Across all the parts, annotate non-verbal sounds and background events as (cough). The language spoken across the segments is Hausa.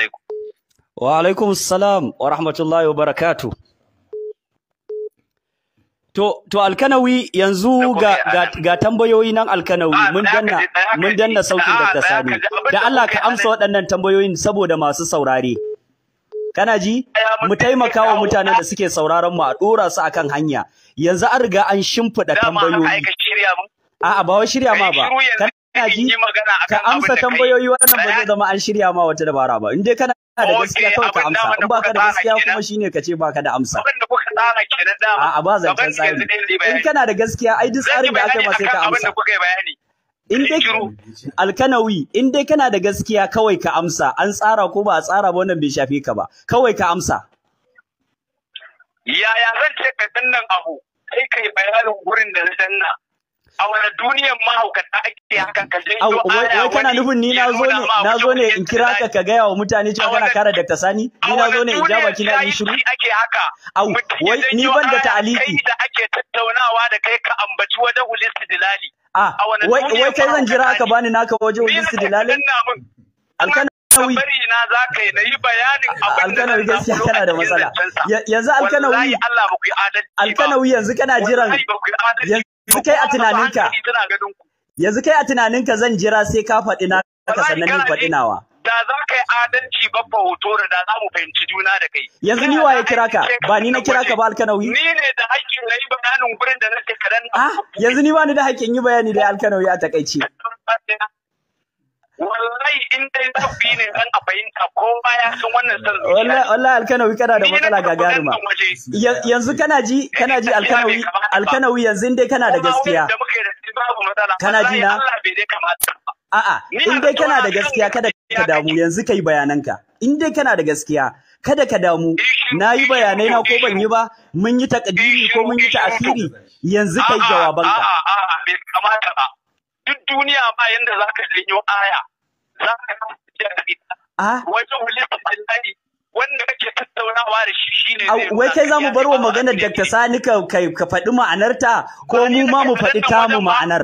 alaikum. Wa alaikum salam wa rahmatullahi wa barakatu. To, to alkanawi yanzu ga, ga, ga tambayoyi nan alkanawi ah, mun danna mun danna ta ah, Sani. Da Allah ka amsa waɗannan tambayoyin saboda masu saurare. Kana ji? Mu taimaka wa mutanen da suke sauraron mu a ɗora su akan hanya. Yanzu an riga an shimfiɗa tambayoyi. A'a ba wai shirya ma ba. ka amsa tambayoyi wannan ba zai zama an shirya ma wata dabara ba in dai kana da gaskiya kawai ka amsa in baka da gaskiya kuma shine ka ce baka da amsa a ba zan zancen tsari in kana da gaskiya ai duk tsarin da aka yi ma sai ka amsa in dai alkanawi in dai kana da gaskiya kawai ka amsa an tsara ko ba a tsara ba wannan bai shafe ka ba kawai ka amsa yaya zan ce ka dannan abu sai kai bayanin gurin da na danna a wani duniyar mahaukata ake hakan ka janyo aya wai kana nufin ni na zo ne na zo ne in kira ka ka gaya wa mutane cewa kana kare Dr. Sani ni na zo ne in jaba kina na in shiru ake haka au wai ni ban da ta'aliki kai da ake tattaunawa da kai ka ambaci wajen dilali. a wai wai kai zan jira ka bani naka wajen ulistidlali Alkanawi na ka yi na bayanin abin da Alkanawi gaskiya kana da matsala yanzu Alkanawi Alkanawi yanzu kana jiran yanzu kai a tunaninka yanzu kai a tunaninka zan jira sai ka faɗi na ka sannan ni faɗi nawa da za ka yi adalci babba hoto da za mu fahimci juna da kai yanzu ni waye kira ka ba ni na kira ka ba alkanawi ni ne da haƙƙin na yi bayanin gurin da na ce ah yanzu ni ba ni da haƙƙin yi bayani da alkanawi a takaice wallahi in dai za ku yi ne zan a fahimta ko ya san wannan san zuciya wallahi alkanawi kana da matsala gagarima yanzu kana ji kana ji alkanawi alkanawi yanzu dai kana da gaskiya kana ji na a'a in dai kana da gaskiya kada ka damu yanzu kai bayananka in dai kana da gaskiya kada ka damu na yi bayanai na ko ban yi ba mun yi takadiri ko mun yi ta'asiri yanzu kai jawabanka a'a a'a bai kamata ba duk duniya ba yanda za ka janyo aya za ka yi wajen hulittacin layi wanda kake tattaunawa da shi shine zai wai kai mu bar wa maganar Dr. Sani ka faɗi faɗi ma'anarta ko mu ma mu faɗi tamu ma'anar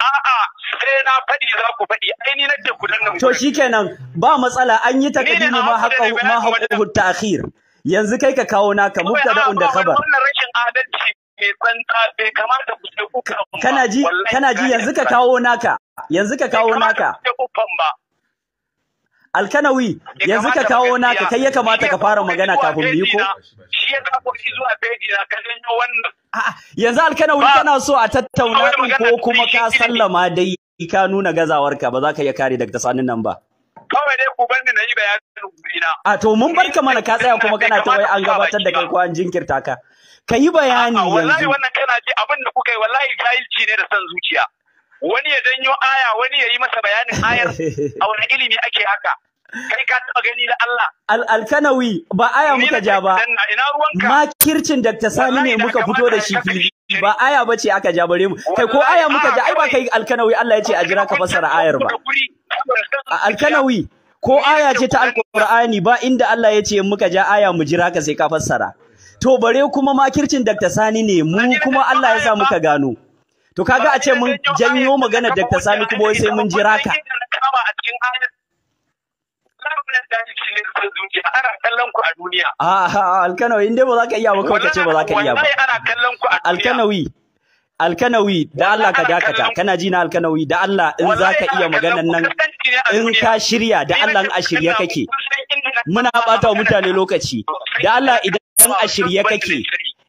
a'a sai na faɗi za ku faɗi ai ni nake ku nan. to shi kenan, ba matsala an yi takadimi ma haqqu ma haqqu yanzu kai ka kawo naka mubtada'un da khabar wannan rashin adalci ke bai kamata ku kuka kana ji kana ji yanzu ka kawo naka yanzu ka kawo naka Alkanawi yanzu ka kawo naka kai ya kamata ka fara magana kafin mu yi ko shi ya kawo shi zuwa beji na ka janyo wannan yanzu Alkanawi kana so a tattauna din ko kuma ka sallama dai ka nuna gazawarka ba za ka iya kare daga sanin nan ba kawai dai ku bani na yi bayanin gurina a to mun barka mana ka tsaya kuma kana ta wai an gabatar da kai ko an jinkirta ka ka yi bayani yanzu wallahi wannan kana ji abin da kuka yi wallahi jahilci ne da san zuciya wani ya danyo aya wani ya yi masa bayanin ayar (laughs) a wani ilimi ake haka kai ka taɓa gani da Allah. Alkanawi ba aya muka ja ba. Makircin Dr. Sani ne muka fito da shi fili. Ba aya ba ce aka ja bare mu. Kai ko aya muka ja ai ba kai alkanawi Allah ya ce a jira ka fassara ayar ba. Alkanawi ko aya ce ta alkur'ani ba inda Allah ya ce muka ja aya mu jira ka sai ka fassara. to bare kuma makircin Dr. Sani ne mu kuma Allah ya sa muka gano to kaga a ce mun janyo magana Dr. Sani kuma wai sai mun jira ka A'a alkanawi in dai ba za ka iya ba kawai ka ce ba za ka iya ba alkanawi alkanawi da Allah ka dakata kana ji na alkanawi da Allah in za ka iya maganan nan in ka shirya da Allah in a shirye kake muna bata wa mutane lokaci da Allah idan idan a shirye kake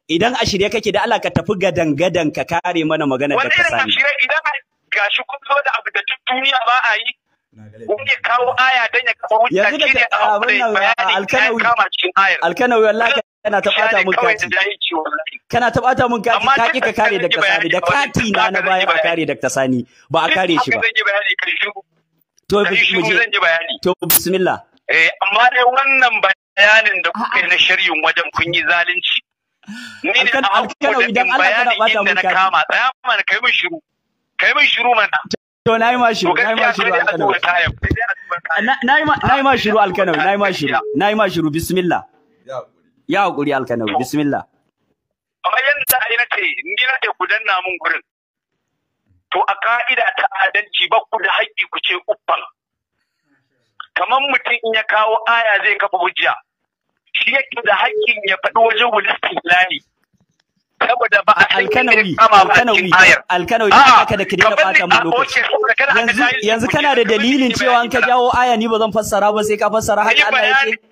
idan a shirye kake da Allah ka tafi gadan gadan ka kare mana magana da kasani wannan shirye idan gashi kun zo da abu da duk duniya ba a yi wani kawo aya dan ya kafa hujja ne a wannan alkanawi alkanawi wallahi kana ta bata mun kati kana ta bata mun kati ka ki ka kare da kasani da kati na na baya a kare da kasani ba a kare shi ba to bismillah eh amma dai wannan ba bayanin da kuka yi na sharhin wajen kun yi zalunci ni ne a hauko da in bayanin inda na kama tsaya mana kai min shiru kai min shiru mana to yi ma shiru Na yi ma shiru alkanawi Na ma ma shiru alkanawi yi ma shiru Na yi ma shiru bismillah ya hakuri alkanawi bismillah kamar yadda yi na ce ni na ce ku danna mun gurin to a ka'ida ta adalci ba ku da haƙƙi ku in ya kawo aya zai kafa hujja shi yake da hakkin ya faɗi wajen wulistin lani saboda ba a alkanawi haka da kirina bata mu lokaci yanzu yanzu kana da dalilin cewa an ka jawo aya ni ba zan fassara ba sai ka fassara haka Allah yake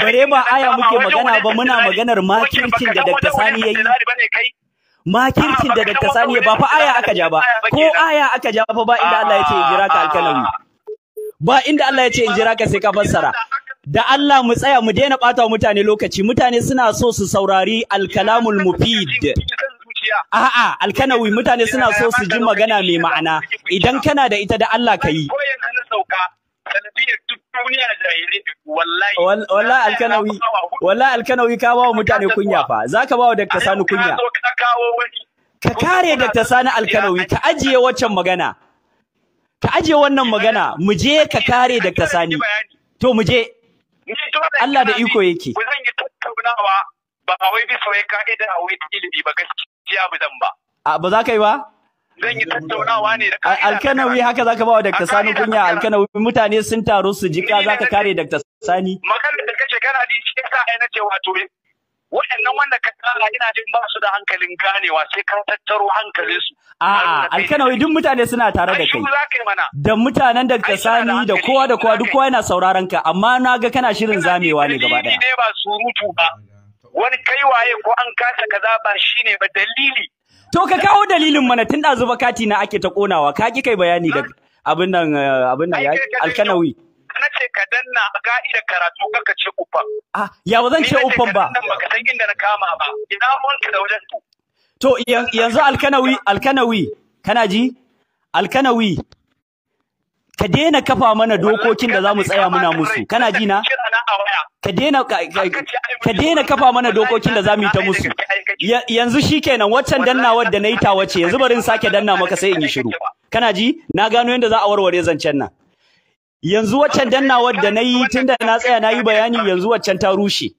bare ba aya muke magana ba muna maganar makircin da Dr. Sani yayi makircin da Dr. Sani ba fa aya aka ja ba ko aya aka ja fa ba inda Allah yake jira ka alkanawi ba inda Allah ya ce in jira ka sai ka fassara da Allah mu tsaya mu daina bata mutane lokaci mutane suna so su saurari alkalamul mufid a'a alkanawi mutane suna so su ji magana mai ma'ana idan kana da ita da Allah ka yi wallahi alkanawi wallahi ka bawa mutane kunya fa zaka bawa dakta sani kunya ka kare dakta sani alkanawi ka ajiye waccan magana ka aje wannan magana mu je ka kare ka Sani to mu je Allah da iko yake ku zan yi tattaunawa ba wai bisa wai ka'ida a wai ilimi ba gaskiya ba zan ba a ba za ka yi ba zan yi tattaunawa ne da alkanawi haka zaka ba wa Dr. Sani kunya alkanawi mutane sun taro su jika zaka kare Dr. Sani magana da kace kana di shi yasa ai nace wato waɗannan wanda ka tsara ina jin ba su da hankalin ganewa sai ka tattaro hankalin su a'a alkanawai duk mutane suna tare da kai da mutanen da ka sani da kowa da kowa duk kowa yana sauraron ka amma na ga kana shirin zamewa ne gaba daya ba surutu ba wani kai waye ko an kasa kaza ba shine ba dalili to ka kawo dalilin mana tun da zuba kati na ake ta ƙonawa, ka ƙi kai bayani da abin nan eh, abin nan alkanawi na ce ka danna ga'idar karatu kaka ce uban. Ah, ya ba zan ce uban ba. Ni san inda na kama ba. Ina wanka da wajen to. yanzu alkanawi alkanawi kana ji? Alkanawi ka daina kafa mana dokokin da za mu tsaya muna musu kana ji na ka daina ka daina kafa mana dokokin da za mu yi ta musu yanzu shikenan waccan dannawar da yi ta wace yanzu bari in sake danna maka sai in yi shiru kana ji na gano yadda za a warware zancen nan yanzu waccan dannawar da na yi tun da na tsaya na yi bayani yanzu waccan ta rushe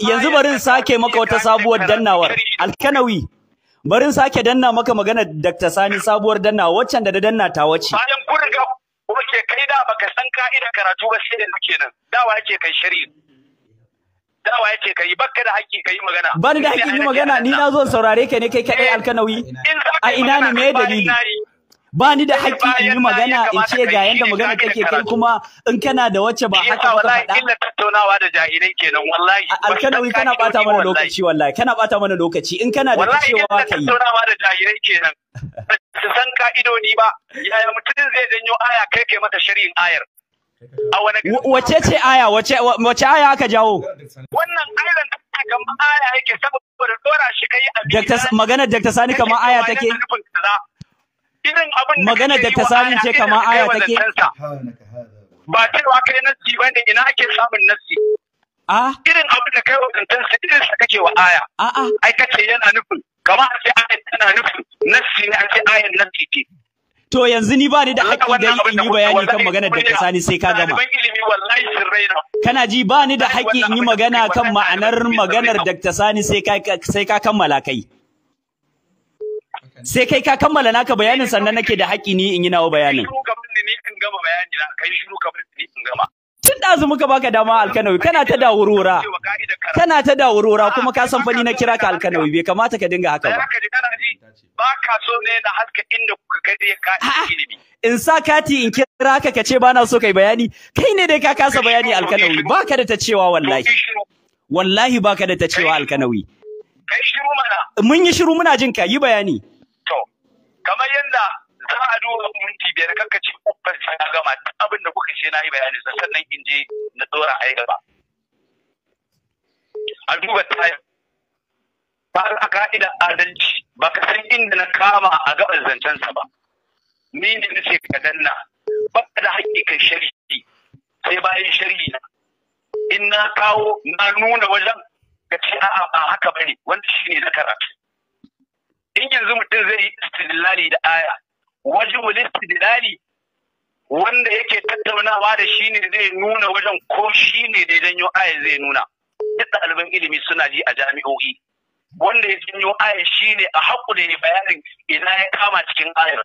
yanzu barin sake maka wata sabuwar dannawar alkanawi barin sake danna maka magana Dr. Sani sabuwar danna waccan da da danna ta wace bayan kun riga oke kai da baka san ka'ida karatu ba sai da nan, da dawa yake kai shari'i dawa yake kai bakka da haƙƙi kai magana Bani da haƙƙin yi magana ni na zo saurare ka ne kai kadai alkanawi eh, a ina ne me dalili ba ni da haƙƙi in yi magana in ce ga yanda magana take kai kuma in kana da wacce ba eh, haka ba ka faɗa illa tattaunawa da jahilin kenan wallahi alkanawi kana bata mana lokaci wallahi kana bata mana lokaci in kana da cewa kai wallahi tattaunawa da jahilin kenan (laughs) su san ni ba yaya mutum zai janyo aya kai kai mata shari'in ayar wace ce aya wace aya aka jawo wannan ayar kamar aya yake saboda dora shi kai a Maganar Dr. Sani kamar aya take irin abin da magana da ta samun ce kama aya take ba cewa kai ba ne, ina ake samun nassi A? Irin abin da kai wadantan su irin sa kake wa aya. A'a. Ai kace yana nufin kama a ce ayat tana nufin nassi ne a ce ayat nassi ce. To yanzu ni ba ni da haƙƙi dan in yi bayani kan maganar da ka sani sai ka gama. Kana ji ba ni da haƙƙi in yi magana kan ma'anar maganar da ta sani sai ka kammala kai. sai kai ka kammala naka bayanin sannan nake da haƙi ni in yi nawa bayanin tun da azu muka baka dama alkanawi kana ta dawurura kana ta dawurura kuma ka san fani na kira ka alkanawi bai kamata ka dinga haka ba ba ka so ne na haska inda kuka kai ka ilimi in sa kati in kira ka kace ba na so kai bayani kai ne dai ka kasa bayani alkanawi ka da ta cewa wallahi wallahi ba ka da ta cewa alkanawi kai shiru mana mun yi shiru muna jin ka yi bayani kamar yadda za a duba minti biyar kaka ce kuffar oh, na gama abin da kuka ce na yi bayani sannan in je na tsora a yi gaba a duba tayin ba a ka'ida adalci ba ka san inda na kama a gaban zancensa ba ni ne na ce ka danna ba ka da hakikan shari'i sai bayan shari'i na in na kawo na nuna wajen ka ce a'a ba haka bane wanda shi ne na karatu in yanzu mutum zai yi istidlali da aya wajibul istidlali wanda yake tattaunawa da shi ne zai nuna wajen ko shi ne da janyo aya zai nuna duk ɗaliban ilimi suna ji a jami'o'i wanda ya janyo aya shi ne a haƙu da bayanin ina ya kama cikin ayar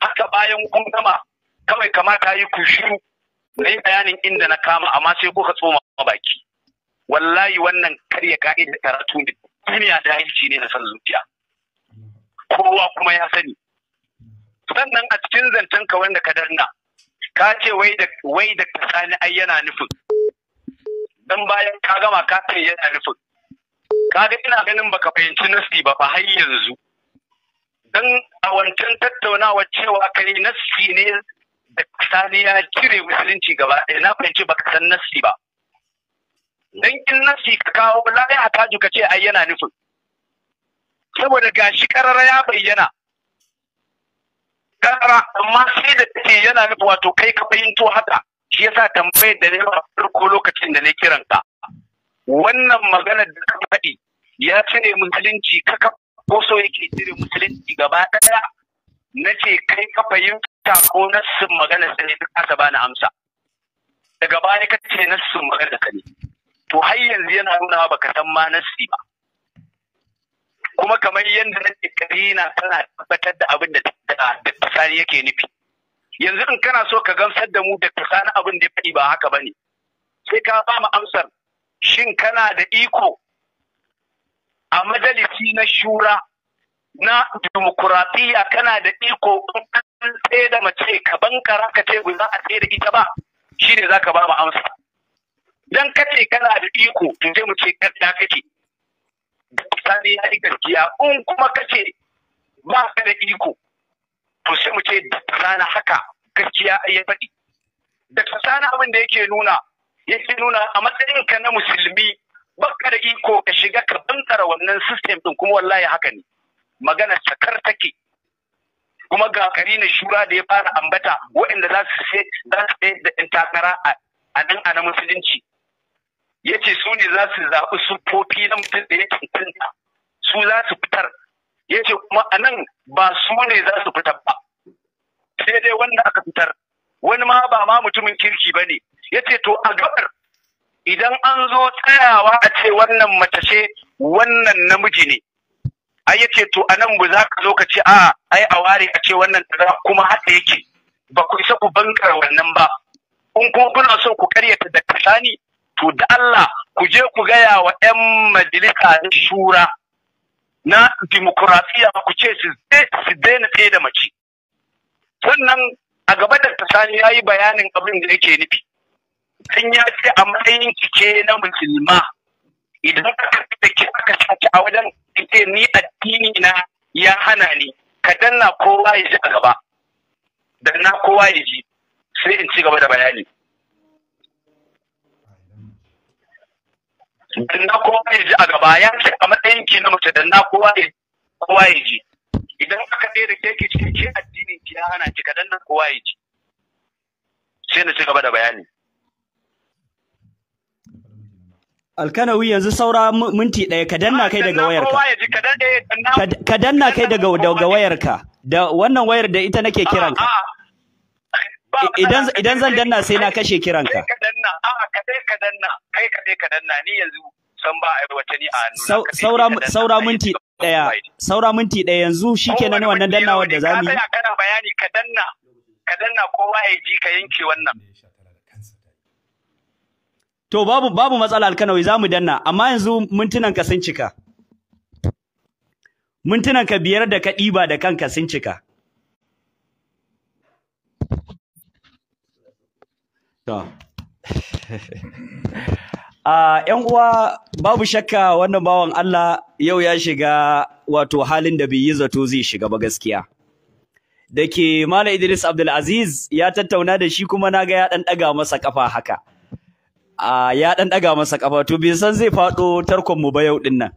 haka bayan kun gama kawai kamata yi kushuru shiru na yi bayanin inda na kama amma sai kuka tsoma baki wallahi wannan karya ka'idar karatu ne duniya da ne na san zuciya kowa kuma ya sani sannan a cikin zancen ka wanda ka danna ka ce wai da wai sani ai yana nufin dan bayan ka gama ka ce yana nufin Ka ga ina ganin baka fahimci nasi ba fa har yanzu dan a wancan tattaunawa cewa kai nasi ne da sani ya cire musulunci gaba ɗaya na fahimci baka san nasi ba dan in nasi ka kawo la ya ka ce ai yana nufin saboda gashi karara ya bayyana karara amma sai da take yana nufi wato kai ka fahimto haka shi yasa tambayar da ne farko lokacin da ne kiran ka wannan magana da ka faɗi ya cire musulunci kaka ko so yake cire musulunci gaba ɗaya na ce kai ka fahimta ko nassin magana da ne duk asa bani amsa daga baya ka ce nassin magana ka ne to har yanzu yana nuna baka san ma nassi ba kuma kamar yadda na karina tana tabbatar da abin da Dr. Sani yake nufi yanzu in kana so ka gamsar da mu Dr. Sani abin da ya faɗi ba haka ba ne. sai ka ba mu amsar shin kana da iko a majalisi na shura na dimokuraɗiyya kana da iko in an tsaye da mace ka bankara ka ce za a tsaye da ita ba za ka ba mu amsa dan kace kana da iko in je mu ce kada kake ne ya yi gaskiya in kuma kace ba ka da iko to sai mu ce rana haka gaskiya ya faɗi da sana abin da yake nuna yake nuna a matsayin ka na musulmi baka da iko ka shiga ka bantsara wannan system din kuma wallahi haka ne magana sakar take kuma ga kari na shura da ya fara ambata waɗanda za su sai za su sai da takara a nan a musulunci yace su ne za su zaɓi sufofi na mutum da ya cancanta su za su fitar ya ce kuma a nan ba su ne za su fitar ba sai dai wanda aka fitar wani ma ba ma mutumin kirki ba ne ya ce to a gabar idan an zo tsayawa a ce wannan mace ce wannan namiji ne ai ce to a nan za ka zo ka ce a ai a ware a ce wannan kaza kuma haɗa yake ba ku isa ku bankar wannan ba in kuma kuna so ku karyata da kasani to da Allah ku je ku gaya wa 'yan majalisa shura na dimokuraɗiyya ku ce su daina tsaye da mace sannan a gaba da tasani ya yi bayanin abin da yake nufi sun ya ce a matsayin cike na musulma idan aka da ke aka sace a wajen ce ni addini na ya hana ni ka danna kowa ya ji a gaba danna kowa ya ji sai in ci gaba da bayani dan na kowa ya ji a gaba ya ce a matsayin ki na mace dan na kowa ya kowa ya ji idan aka da ke ki ke addini addinin ki ya hana ki kadan nan kowa ya ji sai na ci gaba da bayani Alkanawi yanzu saura minti ɗaya ka danna kai daga wayarka. Ka danna kai daga wayarka. Da wannan wayar da ita nake ah, kiranka. Ah. idan zan danna sai na kashe kiranka ka danna a'a ka sai ka danna kai ka sai ka danna ni yanzu san ba aiwata ni a hannu saura minti daya saura minti daya yanzu shikenan wannan dannawar da zamu yi ka kana bayani ka danna ka danna kowa ya ji ka yanke wannan To babu babu matsala alkanawi mu danna amma yanzu mintunan ka sun cika. Mintunan ka biyar da ka ɗiba da kanka sun cika. A (laughs) ‘yan ah, uwa babu shakka wannan bawan Allah yau ya shiga wato halin da bai yi zato zai shiga ba gaskiya. Da ke Malam Idris Abdulaziz ya tattauna da shi kuma na ga ya ɗan ɗaga masa ƙafa haka. Ah, ya ɗan ɗaga masa ƙafa to bai san zai faɗo tarkon mu ba yau ɗin nan.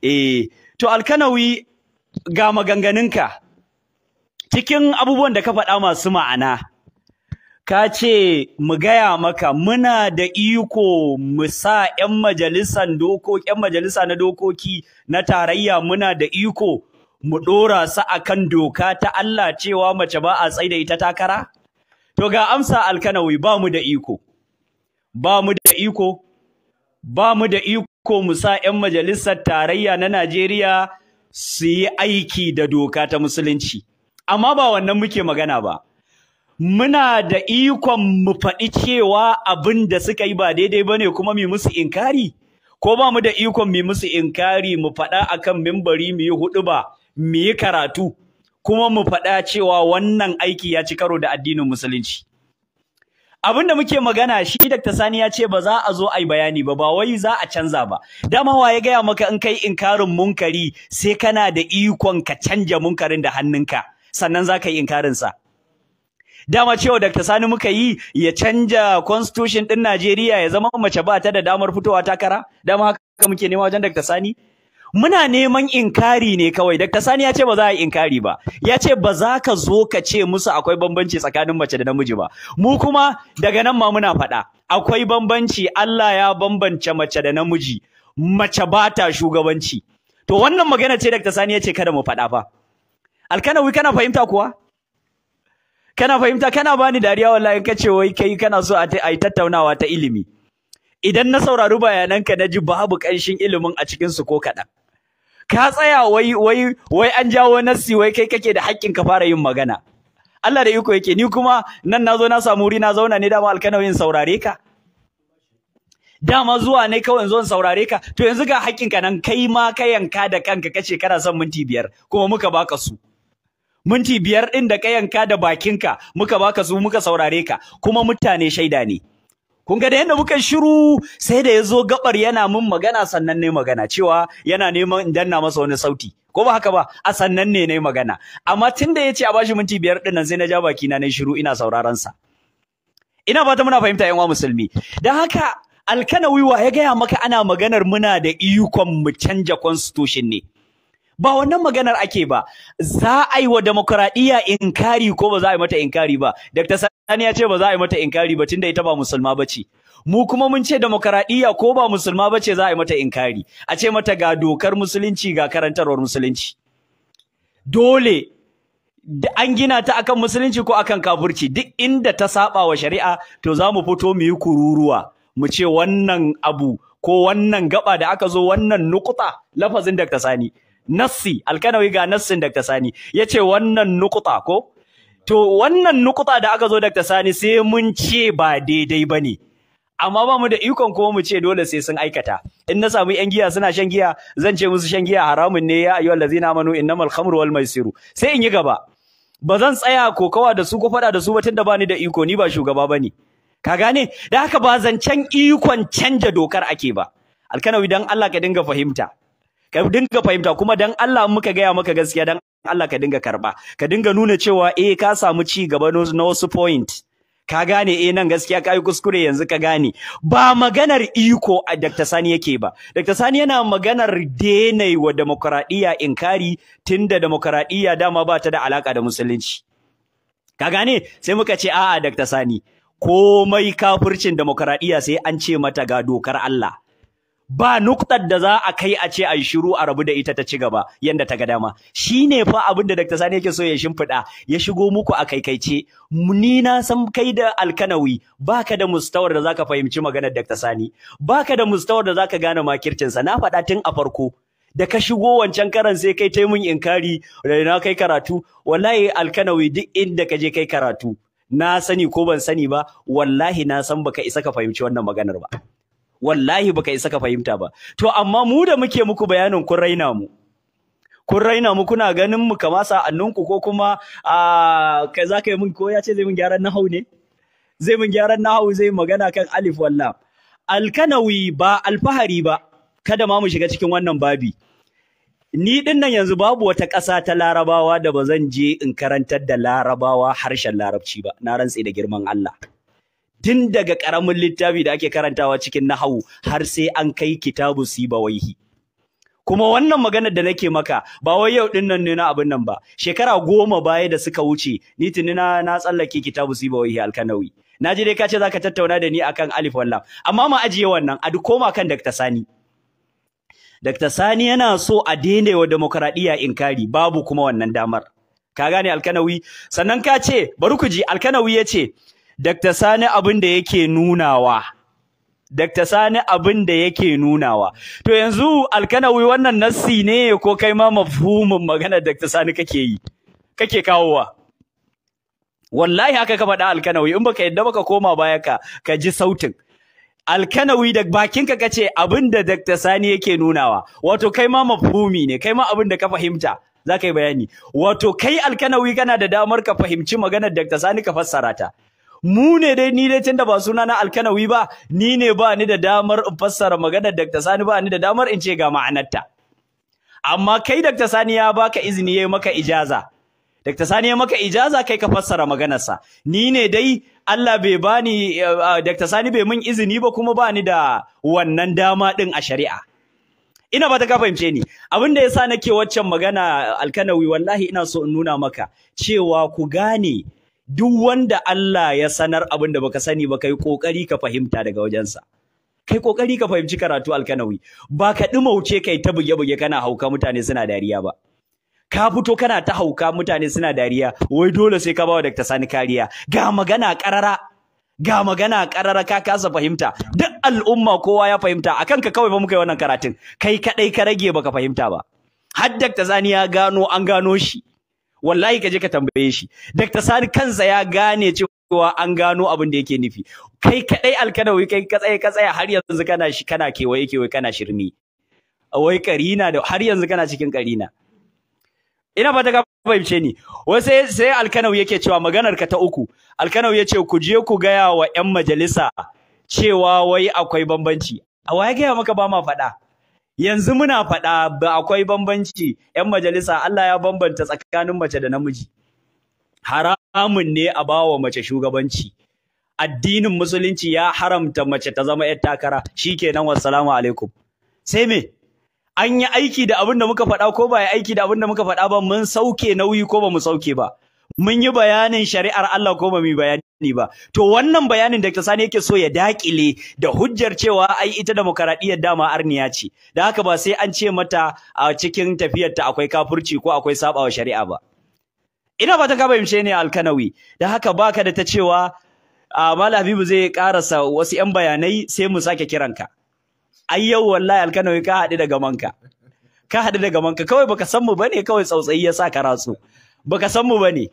Eh, to Alkanawi ga maganganunka cikin abubuwan da ka faɗa masu ma'ana. ka ce mu gaya maka muna da iko mu sa 'yan dokoki majalisa na dokoki na tarayya muna da iko mu ɗora su kan doka ta Allah cewa mace ba a da ita takara to ga amsa alkanawi ba mu da iko ba mu da iko ba mu da iko mu sa 'yan majalisar tarayya na Najeriya su yi aiki da doka ta musulunci amma ba wannan muke magana ba muna da ikon mu faɗi cewa abin da suka yi ba daidai ba ne kuma mu musu inkari ko ba mu da ikon mu musu inkari mu faɗa akan mimbari mu yi ba mu yi karatu kuma mu faɗa cewa wannan aiki ya ci karo da addinin musulunci abin da muke magana shi Dr. Sani ya ce ba za a zo ai bayani ba ba wai za a canza ba dama wa ya gaya maka in kai inkarin munkari sai kana da ikon ka canja munkarin da hannunka sannan za ka yi inkarin sa dama cewa Dr. Sani muka yi ya canja constitution din Najeriya ya zama mace ba ta da damar fitowa takara dama haka muke nema wajen Dr. Sani muna neman inkari ne kawai Dr. Sani ya ce ba za a inkari ba ya ce ba za ka zo ka ce musu akwai bambanci tsakanin mace da namiji ba mu kuma daga nan ma muna faɗa akwai bambanci Allah ya bambance mace da namiji mace ba ta shugabanci to wannan magana ce Dr. Sani ya ce kada mu faɗa fa Alkanawi kana fahimta kuwa kana fahimta kana bani dariya wallahi in kace wai kai kana so a yi tattaunawa ta ilimi idan na saurari bayananka na ji babu ƙanshin ilimin a cikin su ko kaɗan ka tsaya wai wai wai an jawo nassi wai kai kake da haƙƙin ka fara yin magana Allah da iko yake ni kuma nan nazo na samu wuri na zauna ne dama alkanawin saurare ka dama zuwa ne kawai zo saurare ka to yanzu ga haƙƙinka nan kai ma ka yanka da kanka kace kana son minti biyar kuma muka baka su minti biyar ɗin da kayanka da bakinka muka baka su muka saurare ka kuma mutane shaida ne kun ga da yadda muka shiru sai da ya zo gabar yana min magana sannan ne magana cewa yana neman in danna masa wani sauti ko ba haka ba a sannan ne ne magana amma tun da ya ce a bashi minti biyar ɗin nan sai na ja baki na shiru ina sauraron sa ina fata muna fahimta yan uwa musulmi dan haka alkana wiwa ya gaya maka ana maganar muna da iyukan mu canja constitution ne ba wannan maganar ake ba za a yi wa demokradiyya inkari ko ba za a yi mata inkari ba dr sani ya ce ba za a yi mata inkari ba tunda ita ba musulma ba ce. mu kuma mun ce demokradiyya ko ba musulma ba ce za a yi mata inkari a ce mata ga dokar musulunci ga karantarwar musulunci dole an gina ta akan musulunci ko akan kafurci, duk inda ta saba wa shari'a to za mu fito mu yi kururuwa mu ce wannan abu ko wannan gaba da aka zo wannan nukuta lafazin Dr. Sani nassi alkanawi ga nassin Dr. Sani ce wannan nukuta ko to wannan nukuta da aka zo Dr. Sani sai mun ce ba daidai ba ne. amma ba mu da ikon kuma mu ce dole sai sun aikata in na samu yan giya suna shan giya zan ce musu shan giya haramun ne ya Lazina manu in namal khamru wal maisiru sai in yi gaba ba zan tsaya kokawa da su ko faɗa da su ba tunda bani da iko ni ba shugaba ba ne. ka gane da haka ba zan can ikon canja dokar ake ba alkanawi don Allah ka dinga fahimta ka dinga fahimta kuma dan Allah muka gaya maka gaskiya dan Allah ka dinga karba ka dinga nuna cewa eh ka samu ci gaba na wasu point ka gane eh nan gaskiya ka yi kuskure yanzu ka gane ba maganar iko a Dr. Sani yake ba Dr. Sani yana maganar denai wa demokradiya inkari tunda demokradiya dama ba ta da alaka da musulunci ka gane sai muka ce a'a Dr. Sani komai kafircin demokradiya sai an ce mata ga dokar Allah ba nuktar da za a kai a ce a yi shiru a rabu da ita ta ci gaba yanda ta ga dama shi ne fa abin da Dr. Sani yake so ya shimfiɗa ya shigo muku a kaikaice ni na san kai da alkanawi baka da mustawar da zaka fahimci maganar Dr. Sani baka da mustawar da zaka gane makircinsa na faɗa tun a farko da ka shigo wancan karan sai kai taimun inkari da na kai karatu wallahi alkanawi duk inda ka je kai karatu na sani ko ban sani ba wallahi na san baka isa ka fahimci wannan maganar ba wallahi baka isa ka fahimta ba to amma mu da muke muku bayanin kun raina mu kun raina mu kuna ganin mu kama sa'annunku ko kuma a kai za ka yi min ko ya ce zai min gyaran nahau ne zai min gyaran nahau zai magana kan alif wallah alkanawi ba alfahari ba kada ma mu shiga cikin wannan babi ni din nan yanzu babu wata ƙasa ta larabawa da ba zan je in karantar da larabawa harshen larabci ba na rantse da girman Allah tun daga ƙaramin littafi da ake karantawa cikin nahawu har sai an kai kitabu sibawaihi kuma wannan maganar da nake maka ba wai yau din nan ne na abin nan ba shekara goma baya da suka wuce ni tuni na na tsallake kitabu sibawaihi alkanawi na ji dai ka ce zaka tattauna da ni akan alif wallam amma ma ajiye wannan a duk koma kan Dr. Sani Dr. Sani yana so a daina wa in kari babu kuma wannan damar ka gane alkanawi sannan ka ce bari ku ji alkanawi ya ce Dakta Sani abin da yake nunawa dakta Sani abin da yake nunawa to yanzu alkanawi wannan nassi ne ko kai ma mafhumin magana dakta Sani kake yi kake kawowa wallahi haka ka faɗa alkanawi in baka yadda baka koma baya ka ka ji sautin alkanawi da bakinka kace abin da dakta Sani yake nunawa wato kai ma mafhumi ne kai ma abin da ka fahimta za ka yi bayani wato kai alkanawi kana da damar ka fahimci maganar dakta Sani ka fassara ta mu ne dai ni dai tunda ba suna na alkanawi ba ni ne ba ni da damar in fassara maganar Dr. Sani ba ni da damar in ce ga ma'anarta amma kai Dr. Sani ya baka izini yayi maka ijaza Dr. Sani ya maka ijaza kai ka fassara maganarsa ni ne dai Allah bai bani eh, ah, Dr. Sani bai mun izini ba kuma ba ni da wannan dama din a shari'a ina ba ta ka fahimce ni abin da ya yasa nake waccan magana alkanawi wallahi ina so in nuna maka cewa ku gane duk wanda Allah ya sanar abin da baka sani ba kai kokari ka fahimta daga wajensa kai kokari ka fahimci karatu alkanawi ba ka dumauce kai ta buge buge kana hauka mutane suna dariya ba ka fito kana ta hauka mutane suna dariya wai dole sai ka bawa ta Sani kariya ga magana karara ga magana karara ka kasa fahimta duk al'umma kowa ya fahimta akan ka kawai ba muka yi wannan karatun kai kaɗai ka rage baka fahimta ba har Dr. Sani ya gano an gano shi wallahi ka je ka tambaye shi Dr. Sani kansa ya gane cewa an gano abin da yake nufi kai kadai alkanawi kai ka tsaye ka tsaya har yanzu kana shi kana kewaye kewaye kana shirmi wai karina da har yanzu kana cikin karina ina fata ka fahimce ni wai sai sai alkanau yake cewa maganar ka ta uku alkanau yace ku je ku gaya wa yan majalisa cewa wai akwai bambanci a waye gaya maka ba ma faɗa yanzu muna faɗa ba akwai bambanci yan majalisa Allah ya bambanta tsakanin mace da namiji haramun ne a bawa mace shugabanci addinin musulunci ya haramta mace ta zama yar takara shikenan wassalamu alaikum sai me an yi aiki da abin da muka faɗa ko ba yi aiki da abin da muka faɗa ba mun sauke nauyi ko ba mu sauke ba mun yi bayanin shari'ar Allah ko ba mu bayani ba to wannan bayanin da Dr. Sani yake so ya dakile da hujjar cewa ai ita demokradiyyar dama arniya ce da haka ba sai an ce mata a cikin tafiyarta akwai kafurci ko akwai sabawa shari'a ba ina fatan ka fahimce ne alkanawi da haka baka da ta cewa Malam Habibu zai karasa wasu 'yan bayanai sai mu sake kiranka ai yau wallahi alkanawi ka haɗu da gamanka ka haɗu da gamanka kawai baka san mu bane kawai tsautsayi ya sa ka ratsu baka san mu bane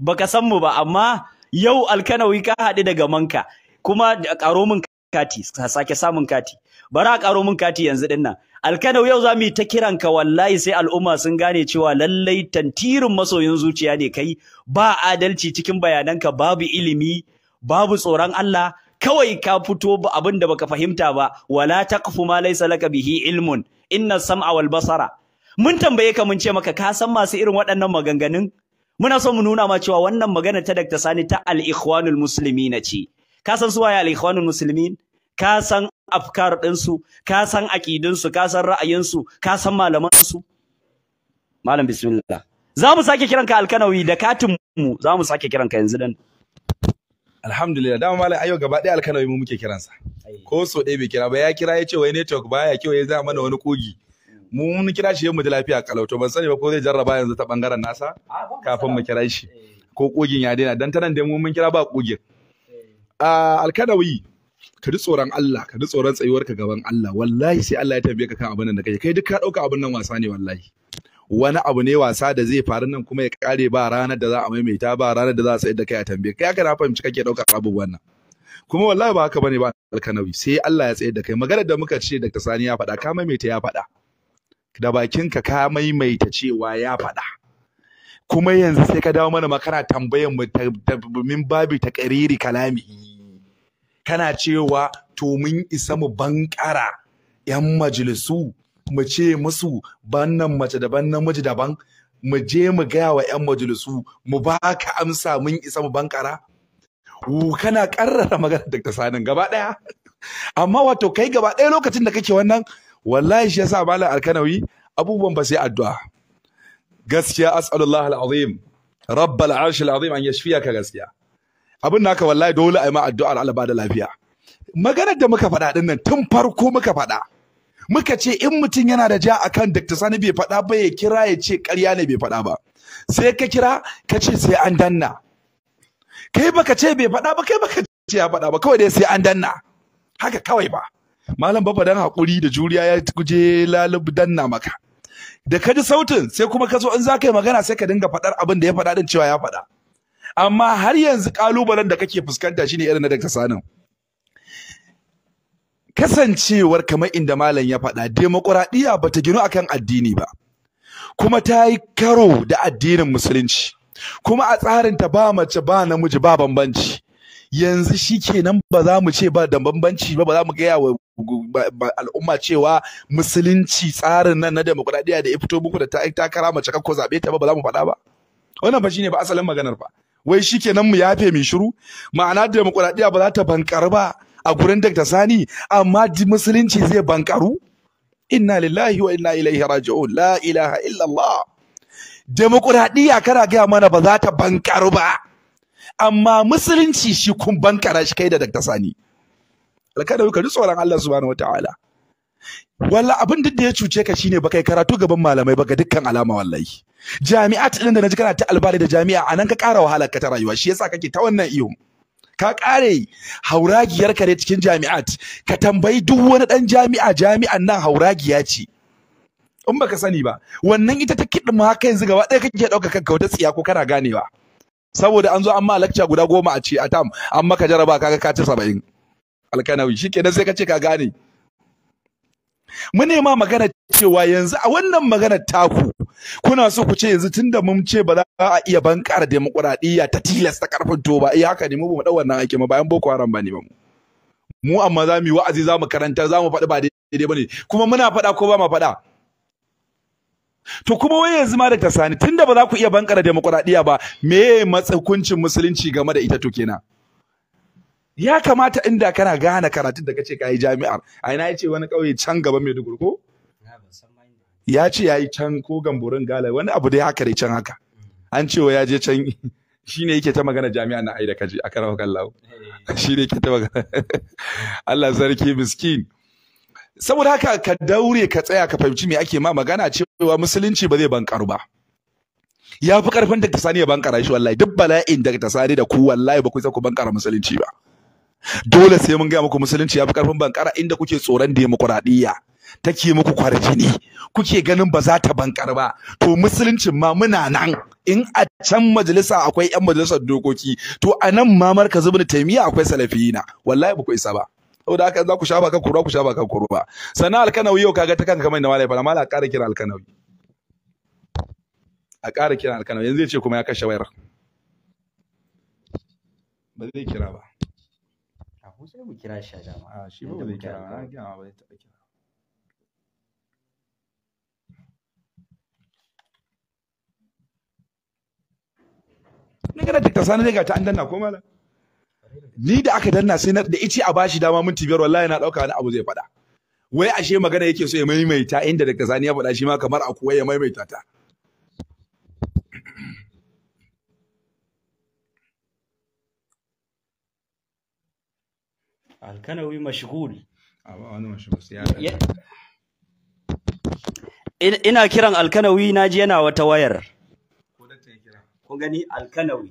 baka san mu ba amma yau alkanawi ka haɗu daga manka kuma ƙaro min kati sake samun kati bari a ƙaro min kati yanzu din nan alkanau yau za mu yi ta kiran ka wallahi sai al'umma sun gane cewa lallai tantirin masoyin zuciya ne kai ba adalci cikin bayananka babu ilimi babu tsoron Allah kawai ka fito abin da baka fahimta ba wala taqfu ma laysa laka bihi ilmun inna sam'a wal basara mun tambaye ka mun ce maka ka san masu irin waɗannan maganganun muna so mu nuna ma cewa wannan magana ta Dr. Sani ta al-ikhwanul muslimina ce ka san su waye al-ikhwanul muslimin ka san afkar ɗinsu ka san aƙidinsu ka san ra'ayinsu ka san malamansu malam bismillah za mu sake kiranka alkanawi da katin mu za mu sake kiranka yanzu dan alhamdulillah dama malam ayo gaba ɗaya alkanawi mu muke kiransa ko so ɗaya bai kira ba ya kira ya ce wai network baya kyau ya za mana wani kogi mu mun kira shi mu da lafiya kalau to ban sani ba ko zai jarraba yanzu ta bangaren nasa kafin mu kira shi eh. ko kogin ya daina dan tanan da mu mun kira ba kogin eh. alkadawi ka ji tsoron Allah ka ji tsoron tsayuwar ka gaban Allah wallahi sai Allah ya tambaye ka kan abin nan da kai kai duk ka dauka abin nan wasa ne wallahi wani abu ne wasa da zai faru nan kuma ya kare ba ranar da za a maimaita ba ranar da za a sayar da kai a tambaye kai aka na fahimci kake dauka abubuwan nan kuma wallahi ba haka bane ba alkanawi sai Allah ya tsayar da kai maganar da muka ce Dr. Sani ya faɗa ka maimaita ya faɗa da bakinka ka maimaita cewa ya faɗa kuma yanzu sai ka dawo mana ma kana tambayan mu min babi ta kariri kalami kana cewa to mun isa mu bankara yan majalisu mu ce musu bannan mace daban namiji daban mu je mu gaya wa yan majalisu mu ba ka amsa mun isa mu bankara kana karrara magana da sanin gaba daya amma wato kai gaba ɗaya lokacin da kake wannan wallahi shi yasa malam alkanawi abubuwan ba sai addu'a gaskiya as'alullah alazim rabbal arshil azim an ka gaskiya abin naka wallahi dole a ma addua Allah ba lafiya maganar da muka faɗa din nan tun farko muka faɗa muka ce in mutum yana da ja akan Dr. Sani bai faɗa ba ya kira ya ce ƙarya ne bai faɗa ba sai ka kira ka ce sai an danna kai baka ce bai faɗa ba kai baka ce ya faɗa ba kawai dai sai an danna haka kawai ba malam baba dan hakuri da juriya ya guje lalub danna maka da ka ji sautin sai kuma ka zo in za ka yi magana sai ka dinga faɗar abin da ya faɗa din cewa ya faɗa amma har yanzu kalubalen da kake fuskanta shine irin na da sanin kasancewar kamar inda malam ya faɗa demokuraɗiyya ta ginu akan addini ba kuma ta yi karo da addinin musulunci kuma a tsarin ta ba mace ba namiji ba bambanci yanzu shi kenan ba za mu ce ba da bambanci ba ba za mu gaya wa al'umma cewa musulunci tsarin nan na demokuraɗiyya da ya fito muku da ta kara mace kakko, zaɓe ta ba ba za mu faɗa ba wannan ba shi ne ba asalin maganar ba wai shi kenan mu yafe mai shiru ma'ana demokuraɗiyya ba za ta bankar ba a gurin Dr. Sani amma musulunci zai bankaru inna lillahi wa inna ilaihi raji'un la ilaha illallah kana gaya mana ba za ta bankaru ba amma musulunci shi kun bankara shi kai da Dr. Sani alkada ka ji tsoron Allah subhanahu wataala walla abin duk da ya cuce ka shine bakai karatu gaban malamai ba ga dukkan alama wallahi jami'at din da naji kana ta albari da jami'a anan ka ƙara wahalar ka ta rayuwa shi yasa kake ta wannan iyo ka ƙare hauragiyar ka ne cikin jami'at ka tambayi duk wani dan jami'a jami'an nan hauragiya ce in baka sani ba wannan ita ta ma haka yanzu gaba ɗaya kake ɗauka kanka wata tsiya ko kana ganewa saboda an zo an ma lakca guda goma a ce a tam an maka jaraba kaga ka ci saba'in alkanawi kenan sai ka ce ka gane Mune ma magana cewa yanzu a wannan magana taku kuna so ku ce yanzu tunda mun ce ba za a iya bankar demokuraɗiyya ta tilasta karfin to ba iya eh haka ne mu ba mu dau wannan aiki ma bayan boko haram ba ne ba mu amma za mu yi wa'azi za mu karanta za mu faɗi ba daidai ne kuma muna faɗa ko ba ma faɗa to kuma wai yanzu ma Dr. Sani tunda ba za ku iya bankara demokuraɗiyya ba me matsakuncin musulunci game da ita to kenan ya kamata inda kana gane karatun da kace kai jami'ar a ina yace wani kauye can gaba Maiduguri ko ya ce yayi can ko gamburin gala wani abu dai haka dai can haka hmm. an ce wa ya je can (laughs) shine yake ta magana jami'a na aida kaji a karawa kallahu eh. (laughs) shine yake ta magana (laughs) Allah sarki miskin saboda haka ka daure ka tsaya ka fahimci me ake ma magana cewa musulunci ba zai bankaru ba ya fi karfin da sani ya bankara shi wallahi duk bala'in da sani da ku wallahi ba ku ku bankara musulunci ba dole sai mun gaya muku musulunci ya fi karfin bankara inda kuke tsoron demokuraɗiyya take muku kwarjini kuke ganin ba za ta bankar ba to musuluncin ma muna nan in a can majalisa akwai yan majalisar dokoki to a nan ma markazin ibn taymiya akwai salafiyina wallahi ba ku isa ba saboda haka za ku shafa kan kurwa ku shafa kan kurwa sana alkanawi yau kaga ta kanka kamar da malai fara malai a ƙara kira alkanawi a ƙara kira alkanawi yanzu ce kuma ya kashe wayar ba zai kira ba a ku sai mu kira shi a jama'a shi ba zai kira ba jama'a ba zai taɓa kira Ni kana tikta sani ne ga ta an danna ko malam ni da aka danna sai na da ice a bashi dama minti biyar wallahi na dauka wani abu zai faɗa wai ashe magana yake so ya maimaita inda daga zani ya faɗa shi ma kamar a kuwa ya maimaita ta alkanawi mashgul ina kiran alkanawi na ji yana wata wayar ko gani alkanawi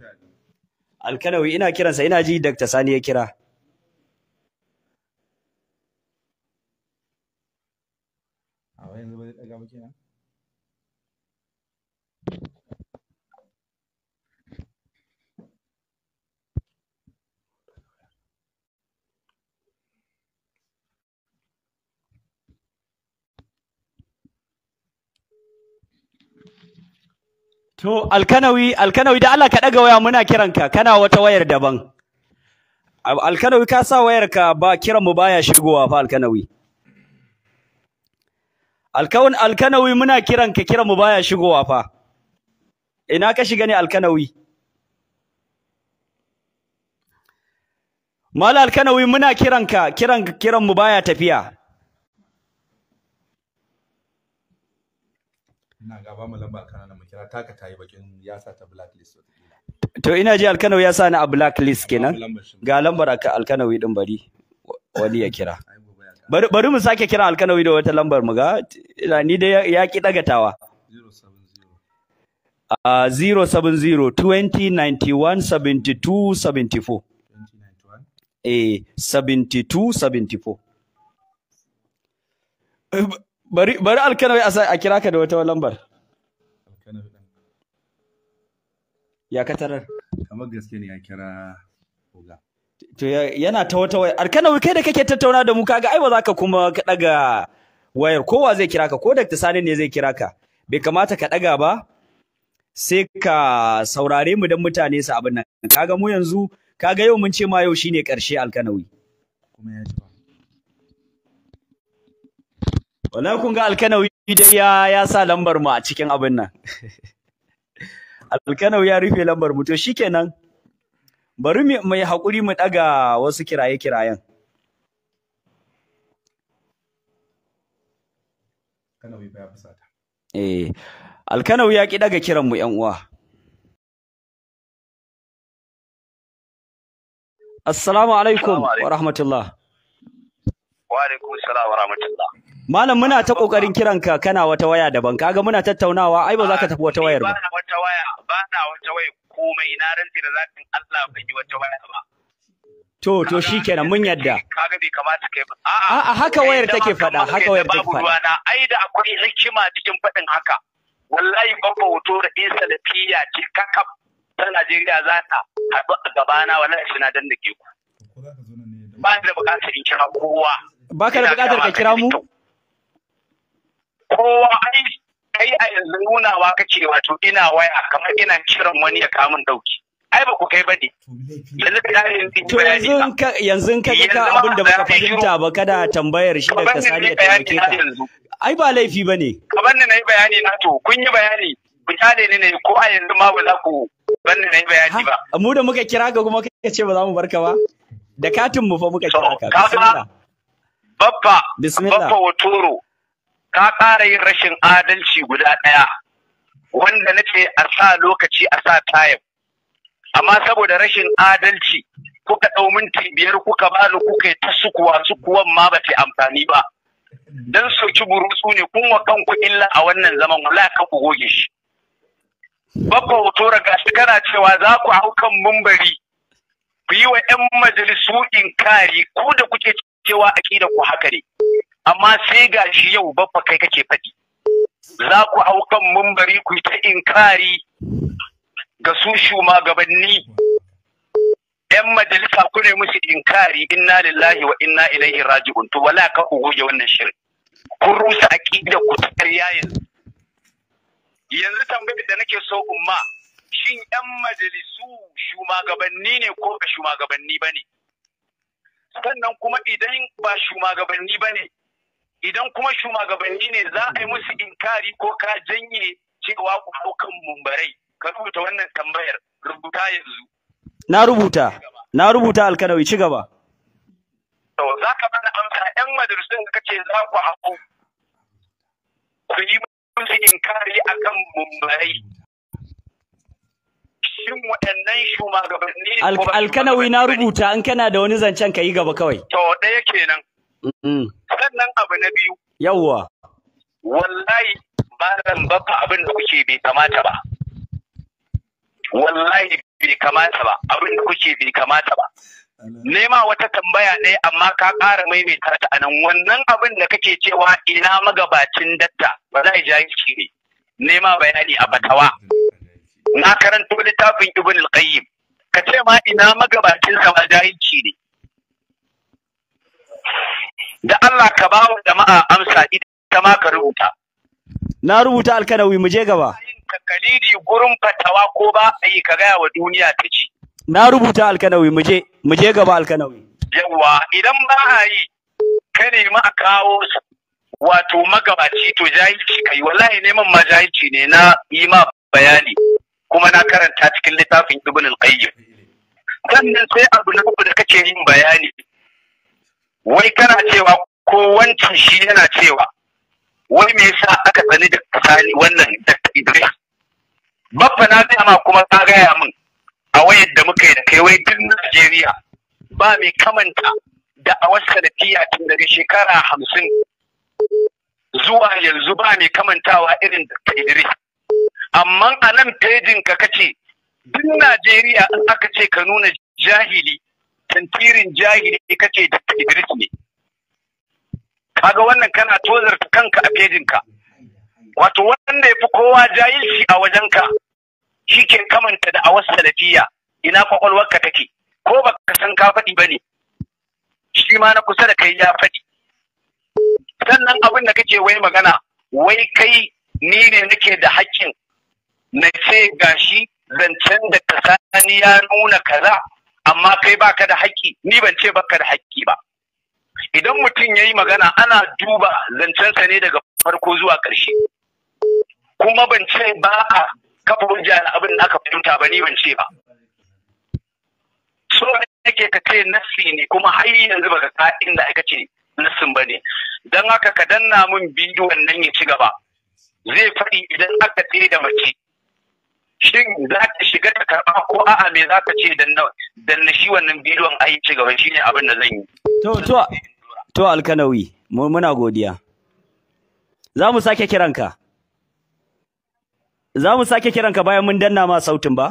alkanawi ina kiransa ina ji Dr. Sani ya kira a yanzu ba zai daga ba kenan To alkanawi alkanawi da Allah ka ɗaga waya muna kiranka kana wata wayar daban. Alkanawi ka sa wayarka ba kiran mu baya shigowa fa alkanawi. Alkawun alkanawi muna kiranka kiran mu baya shigowa fa. Ina ka shiga ne alkanawi? Mala alkanawi muna kiranka kiran kiran mu baya tafiya. Ina gaba ba mu lamba kana taka ta yi bakin ya sa ta blacklist to ina ji alkanawi ya sa ni a blacklist kenan ga lambar alkanawi din bari wani ya kira (laughs) bari mu sake kira alkanawi da wata lambar mu ga ni dai ya ki dagatawa 070 20 91 72 74 eh 72 74 eh, bari bari alkanawi a kira ka da wata lambar ya katarar kamar gaske ne ya kira oga to yana ta wata waya arkana kai da kake tattauna da mu kaga ai ba za ka kuma ka daga wayar kowa zai kira ka ko Dr. Sani ne zai kira ka bai kamata ka daga ba sai ka saurare mu dan mutane su abin nan kaga mu yanzu kaga yau mun ce ma yau shine karshe alkanawi kuma ya ji ba wallahi kun ga alkanawi dai ya ya sa lambar mu a cikin abin nan (laughs) alkanau ya rufe lambar mu to shikenan bari mu mai haƙuri mu ɗaga wasu kiraye-kirayen Eh, alkanau ya ki daga kiran mu ‘yan uwa. Assalamu alaikum wa rahmatullah. Wa alaikum assalam wa rahmatullah. malam muna ta kokarin kiran ka kana wata waya daban kaga muna tattaunawa ai ba za ka tafi wata wayar ba ba wata waya ba na wata waya komai na rantsi da zakin Allah ban yi wata waya ba To, to shikenan mun yadda. Kaga bai kamata kai ba. A'a, haka wayar take faɗa, haka wayar take faɗa. Ai da akwai hikima cikin faɗin haka. Wallahi babba hoto da in salafiya ce kakab ta Najeriya za ta haɗu a gabana wallahi suna dan da ke ku. Ba da buƙatar in kira kowa. Ba ka da buƙatar ka kira mu? kowa ai kai a yanzu nunawa ce wato ina waya kamar ina kiran wani ya kamun dauki ai ba ku kai ba ne yanzu ka yanzu to yanzu ka yanzu ka ga abin da baka fahimta ba kada tambayar shi da ka sani ya taimake ka ai ba laifi ba ne kamar na yi bayani na to kun yi bayani misali ne ne ko a yanzu ma ba za ku ban na yi bayani ba mu da muka kira ka kuma ka ce ba za mu barka ba da katin mu fa muka kira ka bismillah bappa wotoro ka ƙara yin rashin adalci guda ɗaya wanda na ce a sa lokaci a sa tayim amma saboda rashin adalci kuka ɗau minti biyar kuka bani kuka yi ta sukuwa sukuwan ma ba ta amfani ba dan soki burutsu ne kun wa kanku illa a wannan zaman wala kan ku goge shi bakwa hoto raga shi kana cewa za ku hau kan mumbari ku yi wa 'yan majalisu inkari ko da kuke cewa aƙida ku haka ne amma sai ga shi yau baffa kai kake faɗi za ku hau kan mumbari ku ta inkari ga su shugabanni yan majalisa ku ne musu inkari inna lillahi wa inna ilaihi raji'un to wala ka ku goge wannan shirin kun rusa aqida ku ta yanzu yanzu tambayar da nake so umma shin yan majalisu shugabanni ne ko ba shugabanni bane sannan kuma idan ba shugabanni bane idan kuma shugabanni ne za a yi musu inkari ko ka janye cewa ku hau kan mumbarai ka rubuta wannan tambayar rubuta yanzu na rubuta na rubuta alkanawi ci gaba to za ka bani amsa yan madrasun ka ce za ku hau ku yi musu inkari akan mumbarai shin waɗannan shugabanni alkanawi na rubuta an kana da wani zancen ka yi gaba kawai to ɗaya kenan nan abu na biyu yawwa wallahi ba zan bafa abin da kuke bai kamata ba wallahi bai kamata ba abin da kuke bai kamata ba nema wata tambaya ne amma ka ƙara maimaita ta anan wannan abin da kake cewa ina magabacin datta ba za a jahilci ne nema bayani a batawa na karanto littafin ibn al-qayyim ka ce ma ina magabacin sa ma jahilci ne da Allah ka ba wa jama'a amsa ita ma ka rubuta na rubuta alkanawi mu je gaba takalidi gurin fatawa ko ba a yi ka gaya wa duniya ta ji na rubuta alkanawi mu je mu je gaba alkanawi Yawwa, idan ba a yi ka nemi a kawo su, wato magabaci to jahilci kai wallahi neman ma jahilci ne na yi ma bayani kuma na karanta cikin littafin ibn al-qayyim sannan sai abu na da kake yin bayani wai kana cewa ko wancan shi yana cewa wai me yasa aka tsani da tsani wannan da Idris babba na zai ma kuma ka gaya min a wayar da muka yi da kai wai duk Najeriya ba mai kamanta da a wasu sanadiyya tun daga shekara hamsin zuwa yanzu ba mai kamantawa irin da Idris amma a nan pejin ka kace duk Najeriya in aka ce ka nuna jahili tantirin jahili da Idris ne kaga wannan kana tozarta kanka a fejinka wato wanda fi kowa jahilci a wajenka shi ke kamanta da a wasu salafiya ina kwakwalwarka take ko baka san ka faɗi ba ne? shi ma na kusa da kai ya faɗi sannan abin da kake wai magana wai kai ni ne nake da haƙƙin na ce gashi zancen da sani ya nuna kaza amma kai baka da haƙƙi ni ban ce baka da haƙƙi ba idan mutum yayi magana ana duba zancensa ne daga farko zuwa ƙarshe kuma ban ce ba a kafa hujja na abin da aka fahimta ba ni ban ce ba so yake ka ce nassi ne kuma har yanzu baka ka inda aka ce nassin bane dan haka ka danna mun bidiyon nan ya ci gaba zai faɗi idan aka tsaye da mace shin za ka shiga ta karɓa ko a'a me za ka ce dan na shi wannan bidiyon ai ci gaba Shi ne abin da zan yi to to to alkanawi muna godiya za mu sake kiranka za mu sake kiranka bayan mun danna ma sautin ba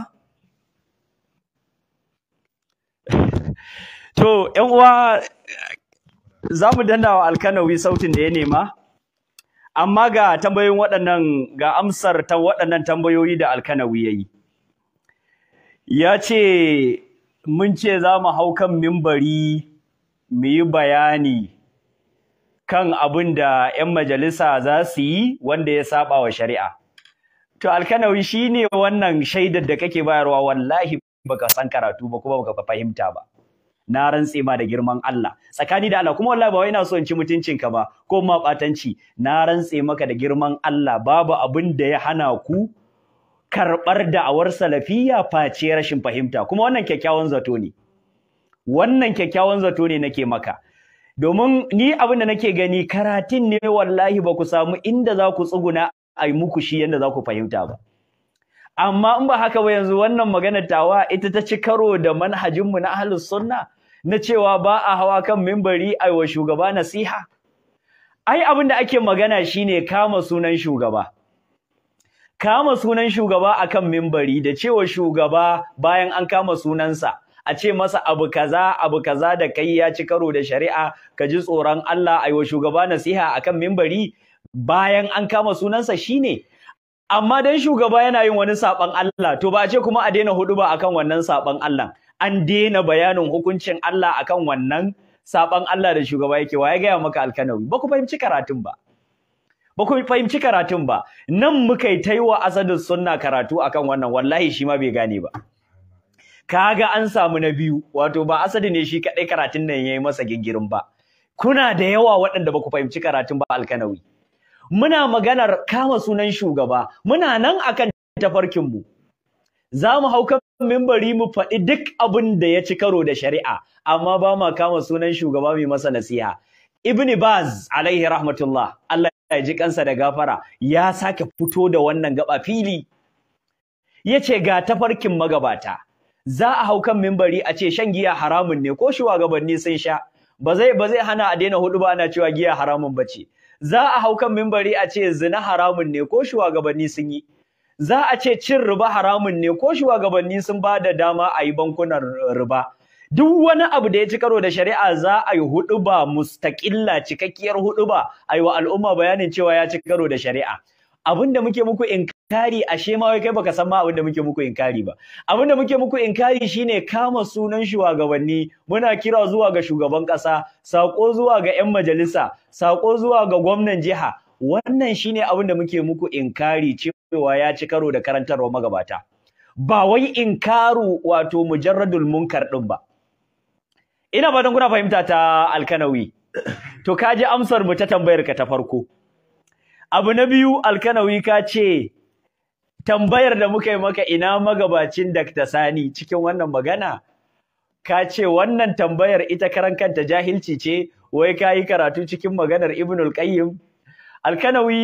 (laughs) to yan uwa za mu danna wa alkanawi sautin da ya nema amma ga tambayoyin waɗannan ga amsar ta waɗannan tambayoyi da alkanawi ya yi, ya ce mun ce za mu hau kan mimbari mu yi bayani kan abin da 'yan majalisa za su yi wanda ya saba wa shari'a. To alkanawi shi ne wannan shaidar da kake bayarwa wallahi baka san karatu ba kuma baka fahimta ba. na rantse ma da girman Allah tsakani da Allah kuma wallahi ba wai ina so in ci mutuncin ka ba ko ma batanci na rantse maka da girman Allah babu abin da ya hana ku karɓar awar salafiyya face rashin fahimta kuma wannan kyakkyawan zato ne wannan kyakkyawan zato ne nake maka domin ni abin da nake gani karatun ne wallahi ba ku samu inda za ku tsuguna a yi muku shi yadda za ku fahimta ba amma in ba haka ba yanzu wannan maganar tawa ita ta ci karo da manhajinmu na ahlus sunna na cewa ba a hawa kan mimbari a wa shugaba nasiha ai abin da ake magana shine kama sunan shugaba kama sunan shugaba a kan mimbari da cewa shugaba bayan an kama sunansa a ce masa abu kaza abu kaza da kai ya ci karo da shari'a ka ji tsoron Allah a wa shugaba nasiha a kan mimbari bayan an kama sunansa shine amma dan shugaba yana yin wani saɓon Allah to ba a ce kuma a daina hudu ba kan wannan saɓon Allah an daina bayanin hukuncin Allah akan wannan saban Allah da shugaba yake wa ya gaya maka alkanawi ba ku fahimci karatun ba ba ku fahimci karatun ba nan muka yi taiwa asadin sunna karatu akan wannan wallahi shi ma bai gane ba ga an samu na biyu wato ba asadi ne shi kadai karatun nan yayi masa gingirin ba kuna da yawa waɗanda ba ku fahimci karatun ba alkanawi muna maganar kama sunan shugaba muna nan akan tafarkin mu za mu hau kan mimbari mu faɗi duk abin da ya ci karo da shari'a amma ba ma kama sunan shugaba mai masa nasiha ibni baz alaihi rahmatullah Allah ya ji kansa da gafara ya sake fito da wannan gaba fili yace ga tafarkin magabata za a hau kan mimbari a ce shan giya haramun ne ko shugabanni sun sha ba zai ba zai hana a daina hudu ba ana cewa giya haramun ba ce, za a hau kan mimbari a ce zina haramun ne ko shugabanni sun yi za a ce cin riba haramun ne ko shugabanni sun ba da dama a yi bankunan riba duk wani abu da ya ci karo da shari'a za a yi ba mustaƙilla cikakkiyar huɗuba a yi wa al'umma bayanin cewa ya ci karo da shari'a abin da muke muku inkari ashe ma wai kai baka san ma abin da muke muku inkari ba abin da muke muku inkari shine kama sunan shugabanni muna kira zuwa ga shugaban ƙasa saƙo zuwa ga 'yan majalisa saƙo zuwa ga gwamnan jiha wannan shine abin da muke muku inkari cewa ya ci karo da karantarwa magabata ba wai inkaru wato mujarradul munkar din ba ina fatan kuna fahimta ta alkanawi to kaji amsar mu ta tambayar ka ta farko abu na biyu alkanawi ka ce tambayar da muka yi maka ina magabacin Dr. Sani cikin wannan magana ka ce wannan tambayar ita karan kanta jahilci ce wai ka yi karatu cikin maganar Ibn qayyim alkanawi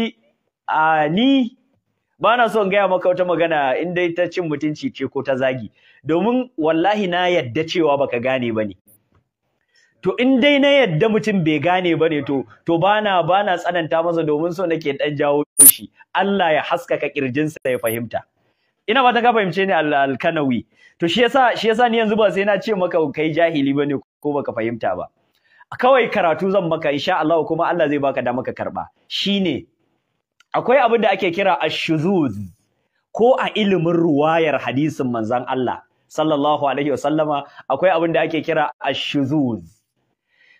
a ni ba na son gaya maka wata magana in dai ta cin mutunci ce ko ta zagi domin wallahi na yadda cewa baka gane ba ne to in dai na yadda mutum bai gane ba ne to to bana bana tsananta masa domin so nake ɗan jawo shi Allah ya haskaka kirjinsa ya fahimta ina ba ta ka fahimce ni alkanawi to shi yasa shi ni yanzu ba sai na ce maka kai jahili ba ne ko baka fahimta ba kawai karatu zan maka insha Allah kuma Allah zai baka dama ka karba shine akwai abin da ake kira ash-shuzuz ko a ilimin ruwayar hadisin manzon Allah sallallahu alaihi wasallama akwai abin da ake kira ash-shuzuz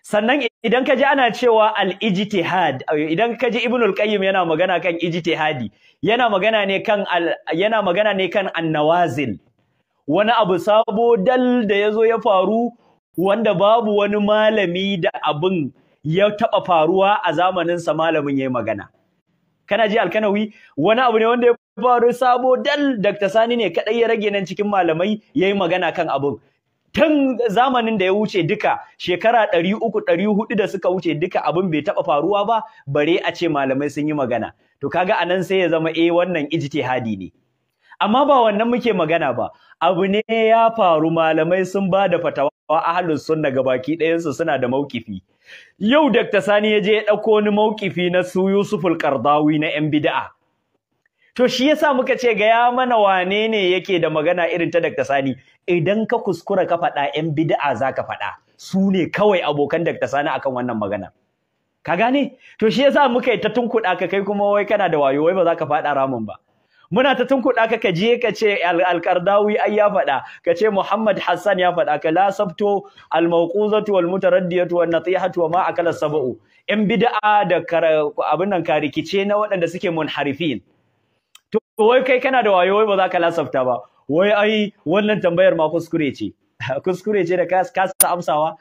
sannan idan ka ji ana cewa al-ijtihad idan ka ji ibnul qayyim yana magana kan ijtihadi yana magana ne kan yana magana ne kan annawazil wani abu sabo dal da yazo ya faru wanda babu wani malami da abin ya taɓa faruwa a zamaninsa malamin ya yi magana. Kana ji alkanawi wani abu ne wanda ya faru sabo dal Dr. Sani ne kaɗai ya rage nan cikin malamai ya yi magana kan abin. Tun zamanin da ya wuce duka shekara ɗari uku ɗari huɗu da suka wuce duka abin bai taɓa faruwa ba bare a ce malamai sun yi magana. To kaga anan sai ya zama eh wannan ijtihadi ne. amma ba wannan muke magana ba abu ne ya faru malamai sun ba da fatawa halin sunna baki ɗayansu suna da maukifi yau Dr. Sani ya je ya ɗauko wani maukifi na su Yusuful Qardawi na yan bid'a to shi yasa muka ce ga ya mana wane ne yake da magana irin ta Dr. Sani idan ka kuskura ka faɗa yan bid'a ka faɗa su ne kawai abokan Dr. Sani akan wannan magana ka gane to shi yasa muka yi ta tunkuɗa ka kai kuma wai kana da wayo wai ba za ka faɗa ramin ba muna ta tunkuɗa ka ka je ka ce alƙardawi ai ya faɗa ka ce Muhammad Hassan ya faɗa ka la sabto al-mawquzatu wal mutaraddiyatu wan wa ma akala sab'u in bid'a da abin nan ka rikice na waɗanda suke munharifin to wai kai kana da wayo wai ba za ka lasafta ba wai ai wannan tambayar ma kuskure ce (laughs) kuskure ce da ka kasa amsawa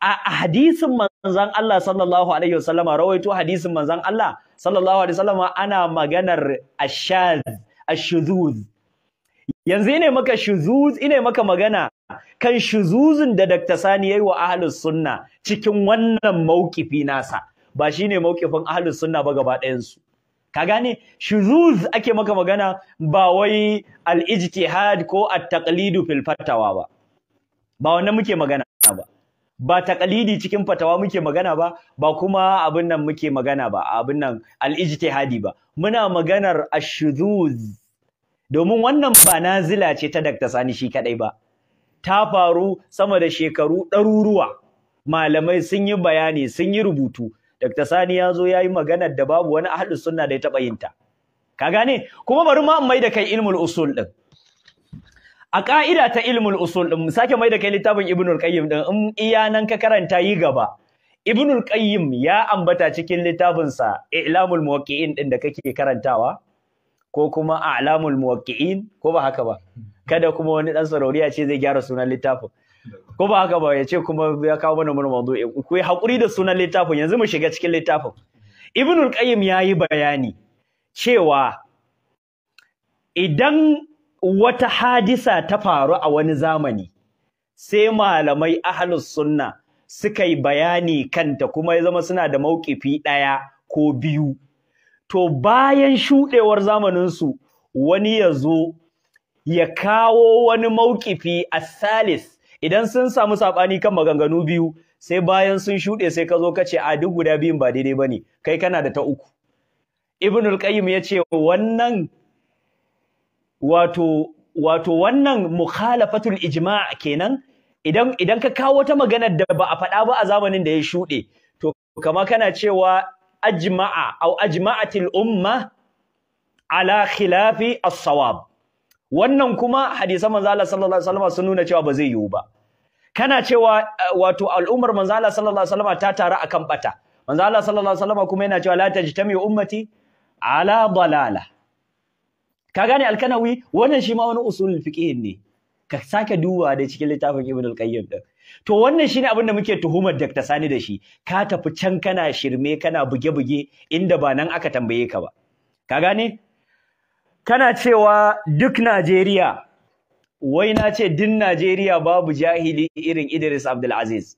a hadisin manzon Allah sallallahu alaihi wasallama rawaito hadisin manzon Allah sallallahu alaihi wasallama ana maganar ashad ashuzuz yanzu ine maka shuzuz ine maka magana kan shuzuzin da Dr. Sani ya yi wa ahlus sunna cikin wannan maukifi nasa ba shine maukifin ahlus sunna ba gaba ɗayansu ka gane shuzuz ake maka magana ba wai al-ijtihad ko a taqlidu filfatawa ba ba wannan muke magana ba ba cikin fatawa muke magana ba ba kuma abin nan muke magana ba abin nan al hadi ba muna maganar ashuduz domin wannan ba nazila ce ta Dr. Sani shi kadai ba ta faru sama da shekaru ɗaruruwa malamai sun yi bayani sun yi rubutu Dr. Sani ya zo ya yi maganar da babu wani ahlus sunna da ya taɓa yin ta ka gane kuma bari ma mai da kai ilmul usul din a ka'ida ta ilmul usul din sake mai da kai littafin ibnul qayyim din in iya nan ka karanta yi gaba Ibnul Qayyim ya ambata cikin littafinsa I'lamul Muwaqqi'in din da kake karantawa ko kuma A'lamul Muwaqqi'in ko ba haka ba kada kuma wani dan sarauniya ce zai gyara sunan littafin ko ba haka ba ya ce kuma ya kawo mana mana mawdu'i ku yi hakuri da sunan littafin yanzu mu shiga cikin littafin Ibnul Qayyim yi bayani cewa idan wata hadisa ta faru a wani zamani sai malamai ahlus sunna suka yi bayani kanta kuma ya zama suna da mauƙifi ɗaya ko biyu to bayan shuɗewar zamaninsu wani ya zo ya kawo wani mauƙifi a salis idan sun samu saɓani kan maganganu biyu sai bayan sun shuɗe sai ka zo ka ce a duk guda biyun ba daidai ba ne kai kana da ta uku ibnul qayyim ya ce wannan wato wato wannan mukhalafatul ijma' kenan idan idan ka kawo wata maganar da ba a faɗa ba a zamanin da ya shuɗe to kama kana cewa ajma'a aw ajma'atil umma ala khilafi as-sawab wannan kuma hadisan manzo Allah sallallahu alaihi wasallam sun nuna cewa ba zai yiwu ba kana cewa eh, wato al'ummar manzo Allah sallallahu alaihi wasallam ta taru akan bata manzo Allah sallallahu alaihi wasallam kuma yana cewa la tajtami ummati ala dalala ka gane alkanawi wannan shi ma wani usul fiqh ne ka sake duba da cikin littafin Ibn al-Qayyim din to wannan shine abin da muke tuhumar Dr. Sani da shi ka tafi can kana shirme kana buge-buge inda ba nan aka tambaye ka ba ka gane kana cewa duk Najeriya wai na ce din Najeriya babu jahili irin Idris Abdul Aziz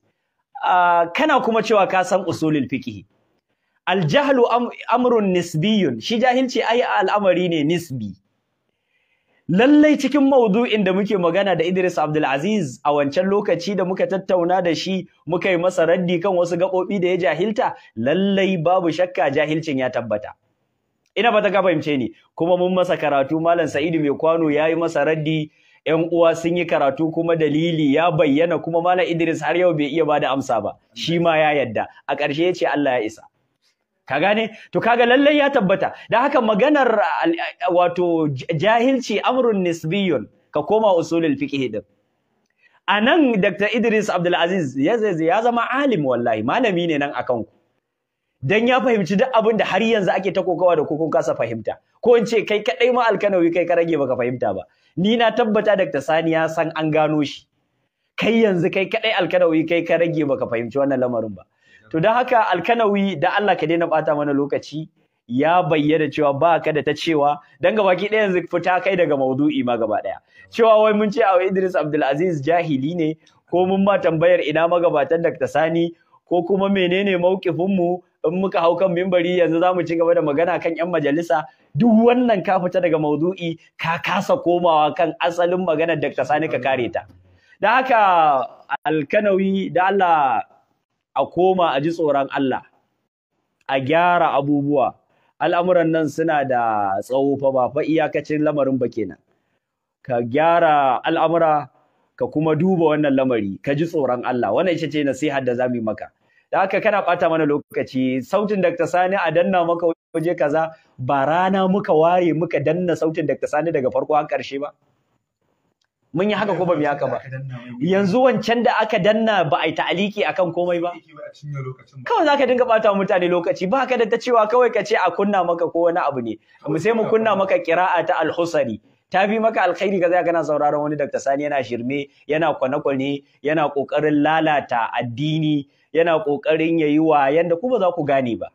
kana kuma cewa ka san usulul fiqh al jahlu amrun nisbiyun shi jahilci ai al'amari ne nisbi lallai cikin maudu'in da muke magana da Idris Abdulaziz a wancan lokaci da muka tattauna da shi muka yi masa raddi kan wasu gaɓoɓi da ya jahilta lallai babu shakka jahilcin ya tabbata ina ba ta ka fahimce ni kuma mun masa karatu malam Sa'idu mai kwano ya yi masa raddi 'yan uwa sun yi karatu kuma dalili ya bayyana kuma malam Idris har yau bai iya bada amsa ba shi ma ya yadda a ƙarshe ya ce Allah ya isa ka gane to kaga lallai ya tabbata dan haka maganar wato jahilci amrun nisbiyun ka koma usulul fiqh din anan Dr. Idris Abdulaziz ya zama alim wallahi malami ne nan akan ku dan ya fahimci duk abin da har yanzu ake ta kokawa da kun kasa fahimta ko in ce kai kadai ma alkanawi kai ka rage baka fahimta ba ni na tabbata Dr. Sani ya san an gano shi kai yanzu kai kadai alkanawi kai ka rage baka fahimci wannan lamarin ba to don haka alkanawi da Allah ka daina bata mana lokaci ya bayyana cewa ba ka da ta cewa dan ki ɗaya yanzu fita kai daga maudu'i ma gaba ɗaya cewa wai mun ce a Idris Abdulaziz jahili ne ko mun ma tambayar ina magabatan Dr. Sani ko kuma menene maukifin mu in muka hau kan mimbari yanzu za mu ci gaba da magana kan 'yan majalisa duk wannan ka fita daga maudu'i ka kasa komawa kan asalin maganar Dr. Sani ka kare ta. Da haka alkanawi da Allah a koma a ji tsoron Allah a gyara abubuwa al'amuran nan suna da tsawo fa ba fa iyakacin lamarin ba kenan ka gyara al'amura ka kuma duba wannan lamari ka ji tsoron Allah wannan ita ce nasihar da mu yi maka da haka kana ɓata mana lokaci sautin Dr. Sani a danna maka waje kaza ba rana muka ware muka danna sautin Dr. Sani daga farko an ƙarshe ba mun yi haka ko ba mu yaka ba yanzu wancan da aka danna ba a yi ta'aliki akan komai ba kawai zaka dinga bata mutane lokaci ba ka da ta cewa kawai ka ce a kunna maka ko wani abu ne mu sai mu kunna maka qira'a ta al-husari ta bi maka alkhairi ka zai kana sauraron wani Dr. Sani yana shirme yana kwane-kwane yana kokarin lalata addini yana kokarin yayi wa yanda ku ba za ku gane ba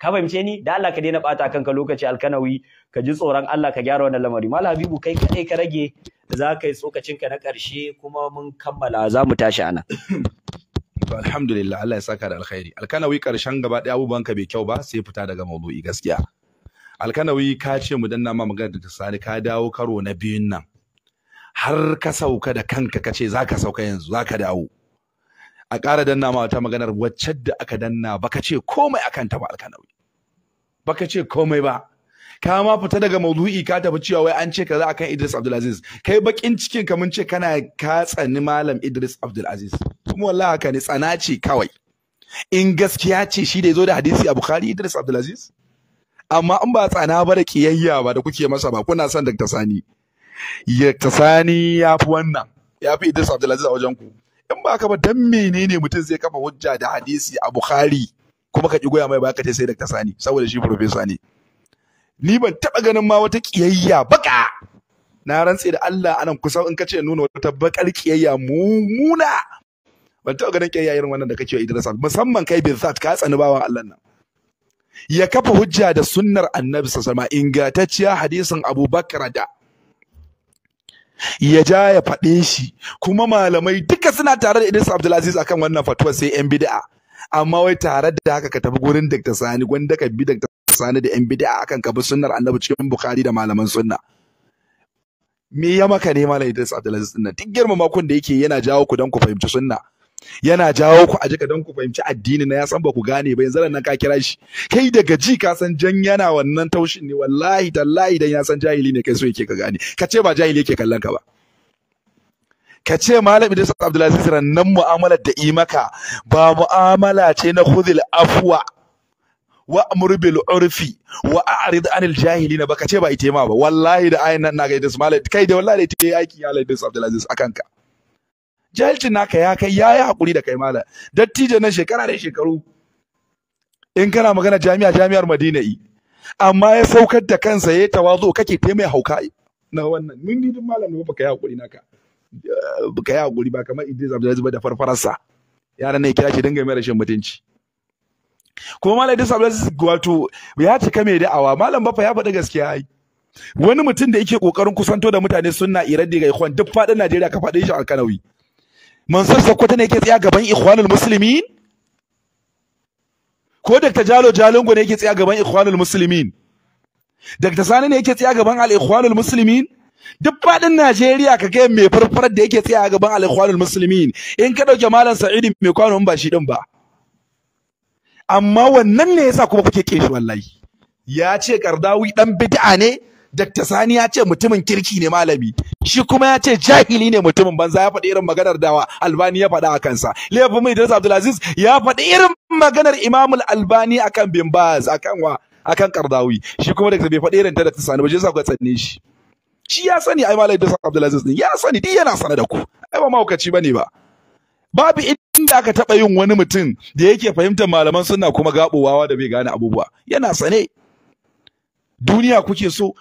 ka fahimce ni da Allah ka daina bata kanka lokaci alkanawi ka ji tsoron Allah ka gyara wannan lamari mallam habibu kai kadai ka rage za ka yi tsokacinka na ƙarshe kuma mun kammala za mu tashi ana. alhamdulillah Allah ya saka da alkhairi alkanawi ƙarshen gaba ɗaya abubuwan ka bai kyau ba sai fita daga maudu'i gaskiya alkanawi ka ce mu danna ma magana da sani ka dawo karo na biyun nan har ka sauka da kanka ka ce za ka sauka yanzu za ka dawo a ƙara danna ma wata maganar wacce da aka danna ba ka ce komai akan ta ba alkanawi ka ce komai ba ka ma fita daga maudu'i ka tafi cewa wai an ce kaza kan Idris Abdulaziz kai bakin cikin ka mun ce kana ka tsani malam Idris Abdulaziz kuma wallahi haka ne tsana ce kawai in gaskiya ce shi da yazo da hadisi a Bukhari Idris Abdulaziz amma in ba tsana ba da kiyayya ba da kuke masa ba kuna son Dr. Sani Dr. Sani ya fi wannan ya fi Idris Abdulaziz a wajen ku in ba ka ba dan menene mutum zai kafa hujja da hadisi a Bukhari kuma ka ki goya mai ba ka ce sai Dr. Sani saboda shi professor ne ni ban taɓa ganin ma wata ƙiyayya baƙa. na rantse da Allah anan kusa in kace nuna wata baƙar ƙiyayya mumuna ban taɓa ganin ƙiyayya irin wannan da kake wa Idris musamman kai zat ka tsani bawan Allah nan ya kafa hujja da sunnar Annabi sallallahu alaihi ingantacciya hadisin Abu Bakar da ya ja ya faɗe shi kuma malamai duka suna tare da Idris Abdulaziz akan wannan fatuwar sai 'yan bid'a amma wai tare da haka ka tafi gurin Dr. Sani gwanda ka bi Dr. sani da yan bid'a akan kan bi sunnar annabi cikin bukhari da malaman sunna me ya maka ne malam Idris Abdulaziz din nan duk girma makon da yake yana jawo ku dan ku fahimci sunna yana jawo ku a jika dan ku fahimci addini na ya san ba ku gane ba yanzu nan ka kira shi kai daga ji ka san jan yana wannan taushin ne wallahi tallahi dan ya san jahili ne kai so yake ka gane ka ce ba jahili yake kallon ka ba ka ce malam Idris Abdulaziz rannan mu'amalar da imaka ba mu'amala ce na khudhil afwa wa amru bil urfi wa a'rid anil jahilin baka ce ba itema ba wallahi da ayin nan na ga da malai kai da wallahi da tayi aiki ya laidis abdulaziz akan ka jahilcin naka ya kai yayi hakuri da kai malai dattijo na shekara da shekaru in kana magana jami'a jami'ar madina'i amma ya saukar da kansa yayi tawazu kake te mai hauka na wannan min ni malam ne baka yi hakuri naka baka yi hakuri ba kamar Idris Abdulaziz ba da farfararsa yaran ne kira ki dinga mai rashin mutunci kuma malam Idris Abdulaziz wato ya cika mai da'awa malam bafa ya faɗi gaskiya ai wani mutum da yake kokarin kusanto da mutane sunna iradi ga ikhwan duk faɗin Najeriya ka faɗe shi a Kanawi Mansur Sokoto ne yake tsaya gaban ikhwanul muslimin ko Dr. Jalo Jalingo ne yake tsaya gaban ikhwanul muslimin Dr. Sani ne yake tsaya gaban al-ikhwanul muslimin duk faɗin Najeriya ka ga mai farfarar da yake tsaya gaban al-ikhwanul muslimin in ka dauke malam Sa'idu mai kwano ba shi din ba amma wannan ne yasa kuma kuke keshi wallahi ya ce kardawi dan bid'a ne Dr. Sani ya ce mutumin kirki ne malami shi kuma ya ce jahili ne mutumin banza ya faɗi irin maganar dawa Albani ya faɗa a kansa laifin mai Idris Abdulaziz ya faɗi irin maganar Imamul Albani akan Bin Baz akan wa akan Kardawi shi kuma Dr. bai faɗi irin ta Dr. Sani ba shi sa ku tsanne shi shi ya sani ai malami Idris Abdulaziz ne ya sani duk yana sana da ku ai ba mahaukaci bane ba babu inda aka taɓa yin wani mutum da yake fahimtar malaman suna kuma gaɓowawa da bai gane abubuwa yana sane duniya kuke so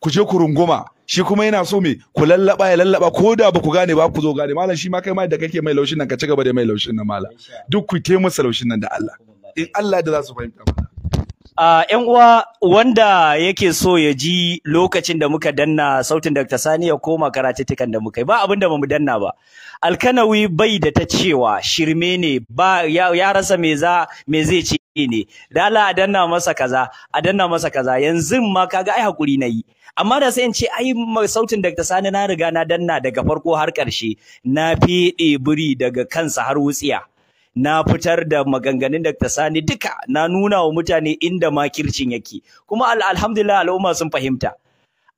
ku je ku runguma shi kuma yana so me ku lallaba ya lallaba ko da ba ku gane ba ku zo gane malam shi ma kai ma da kake mai laushin nan ka ci gaba da mai laushin nan malam duk ku te laushin nan da Allah in Allah da za su fahimta 'yan uwa wanda yake so ya ji lokacin da muka danna sautin Dr. Sani ya koma karatuttukan da muka yi ba abin da bamu danna ba Alkanawi bai da ta cewa shirme ne ba ya, rasa me za me zai ce ne dala a danna masa kaza a danna masa kaza yanzu ma kaga ai hakuri yi. amma da sai in ce ai sautin Dr. Sani na riga na danna daga farko har ƙarshe na fede biri daga kansa har wutsiya na fitar da maganganun da ta Sani duka na nuna wa mutane inda makircin yake kuma alhamdulillah al'umma sun fahimta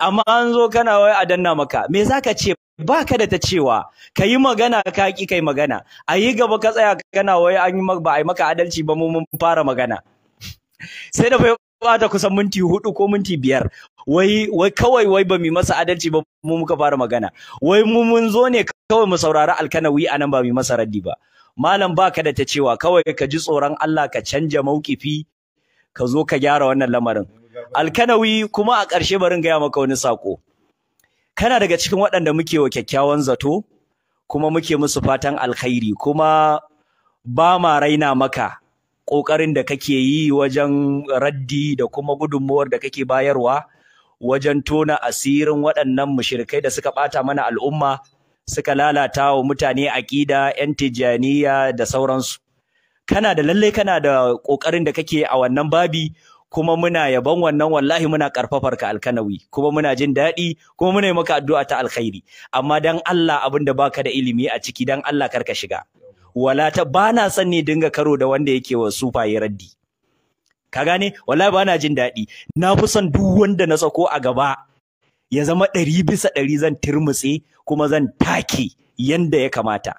amma an zo kana wai a danna maka me zaka ce baka da ta cewa Ka yi magana ka ki kai magana A yi gaba ka tsaya kana wai an yi ba ai maka adalci ba mu mun fara magana sai da bai bata kusan minti hudu ko minti biyar wai wai kawai wai ba mu masa adalci ba mu muka fara magana wai mu mun zo ne kawai mu saurari alkanawi anan ba mu masa raddi ba malam baka da ta cewa kawai ka ji tsoron Allah ka canja maukifi ka zo ka gyara wannan lamarin alkanawi kuma a ƙarshe barin gaya maka wani sako kana daga cikin waɗanda muke wa kyakkyawan zato kuma muke musu fatan alkhairi kuma ba ma raina maka ƙoƙarin da kake yi wajen raddi da kuma gudunmuwar da kake bayarwa wajen tona asirin waɗannan mushirikai da suka ɓata mana al'umma suka lalata wa mutane aƙida yan tijaniya da sauransu kana da lalle kana da ƙoƙarin da kake a wannan babi kuma muna yaban wannan wallahi muna karfafar ka alkanawi kuma muna jin daɗi kuma muna yi maka addu'a ta alkhairi amma dan Allah abin da baka da ilimi a ciki dan Allah karka shiga wala ta bana son ne dinga karo da wanda yake wa sufaye raddi ka gane wallahi bana jin daɗi na fi son duk wanda na tsako a gaba ya zama ɗari bisa ɗari zan turmutse kuma zan take yanda ya kamata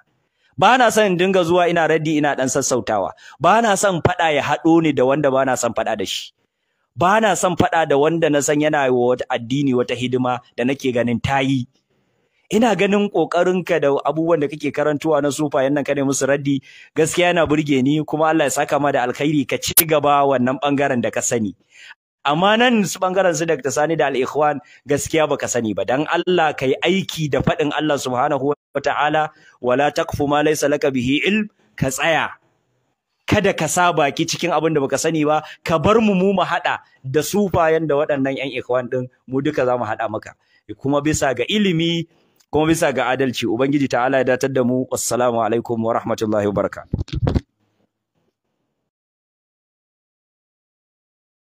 ba na son in dinga zuwa ina raddi ina ɗan sassautawa ba na son faɗa ya haɗo ni da wanda ba na son faɗa da shi ba na son faɗa da wanda na san yana wa wata addini wata hidima da nake ganin tayi ina ganin ƙoƙarinka da abubuwan da kake karantuwa na sufa yannan ka ne musu raddi gaskiya yana burge ni kuma Allah ya saka ma da alkhairi ka ci gaba wannan ɓangaren da ka sani amma nan su bangaren su Dr. Sani da Al-Ikhwan gaskiya baka sani ba dan Allah kai aiki da fadin Allah subhanahu ta'ala wala takfu ma laysa laka bihi ilm ka tsaya kada ka sa baki cikin abin da baka sani ba ka bar mu mu mu hada da sufayen da waɗannan ƴan ikhwan din mu duka za mu hada maka kuma bisa ga ilimi kuma bisa ga adalci ubangiji ta'ala ya datar da mu assalamu alaikum wa rahmatullahi wa barakatuh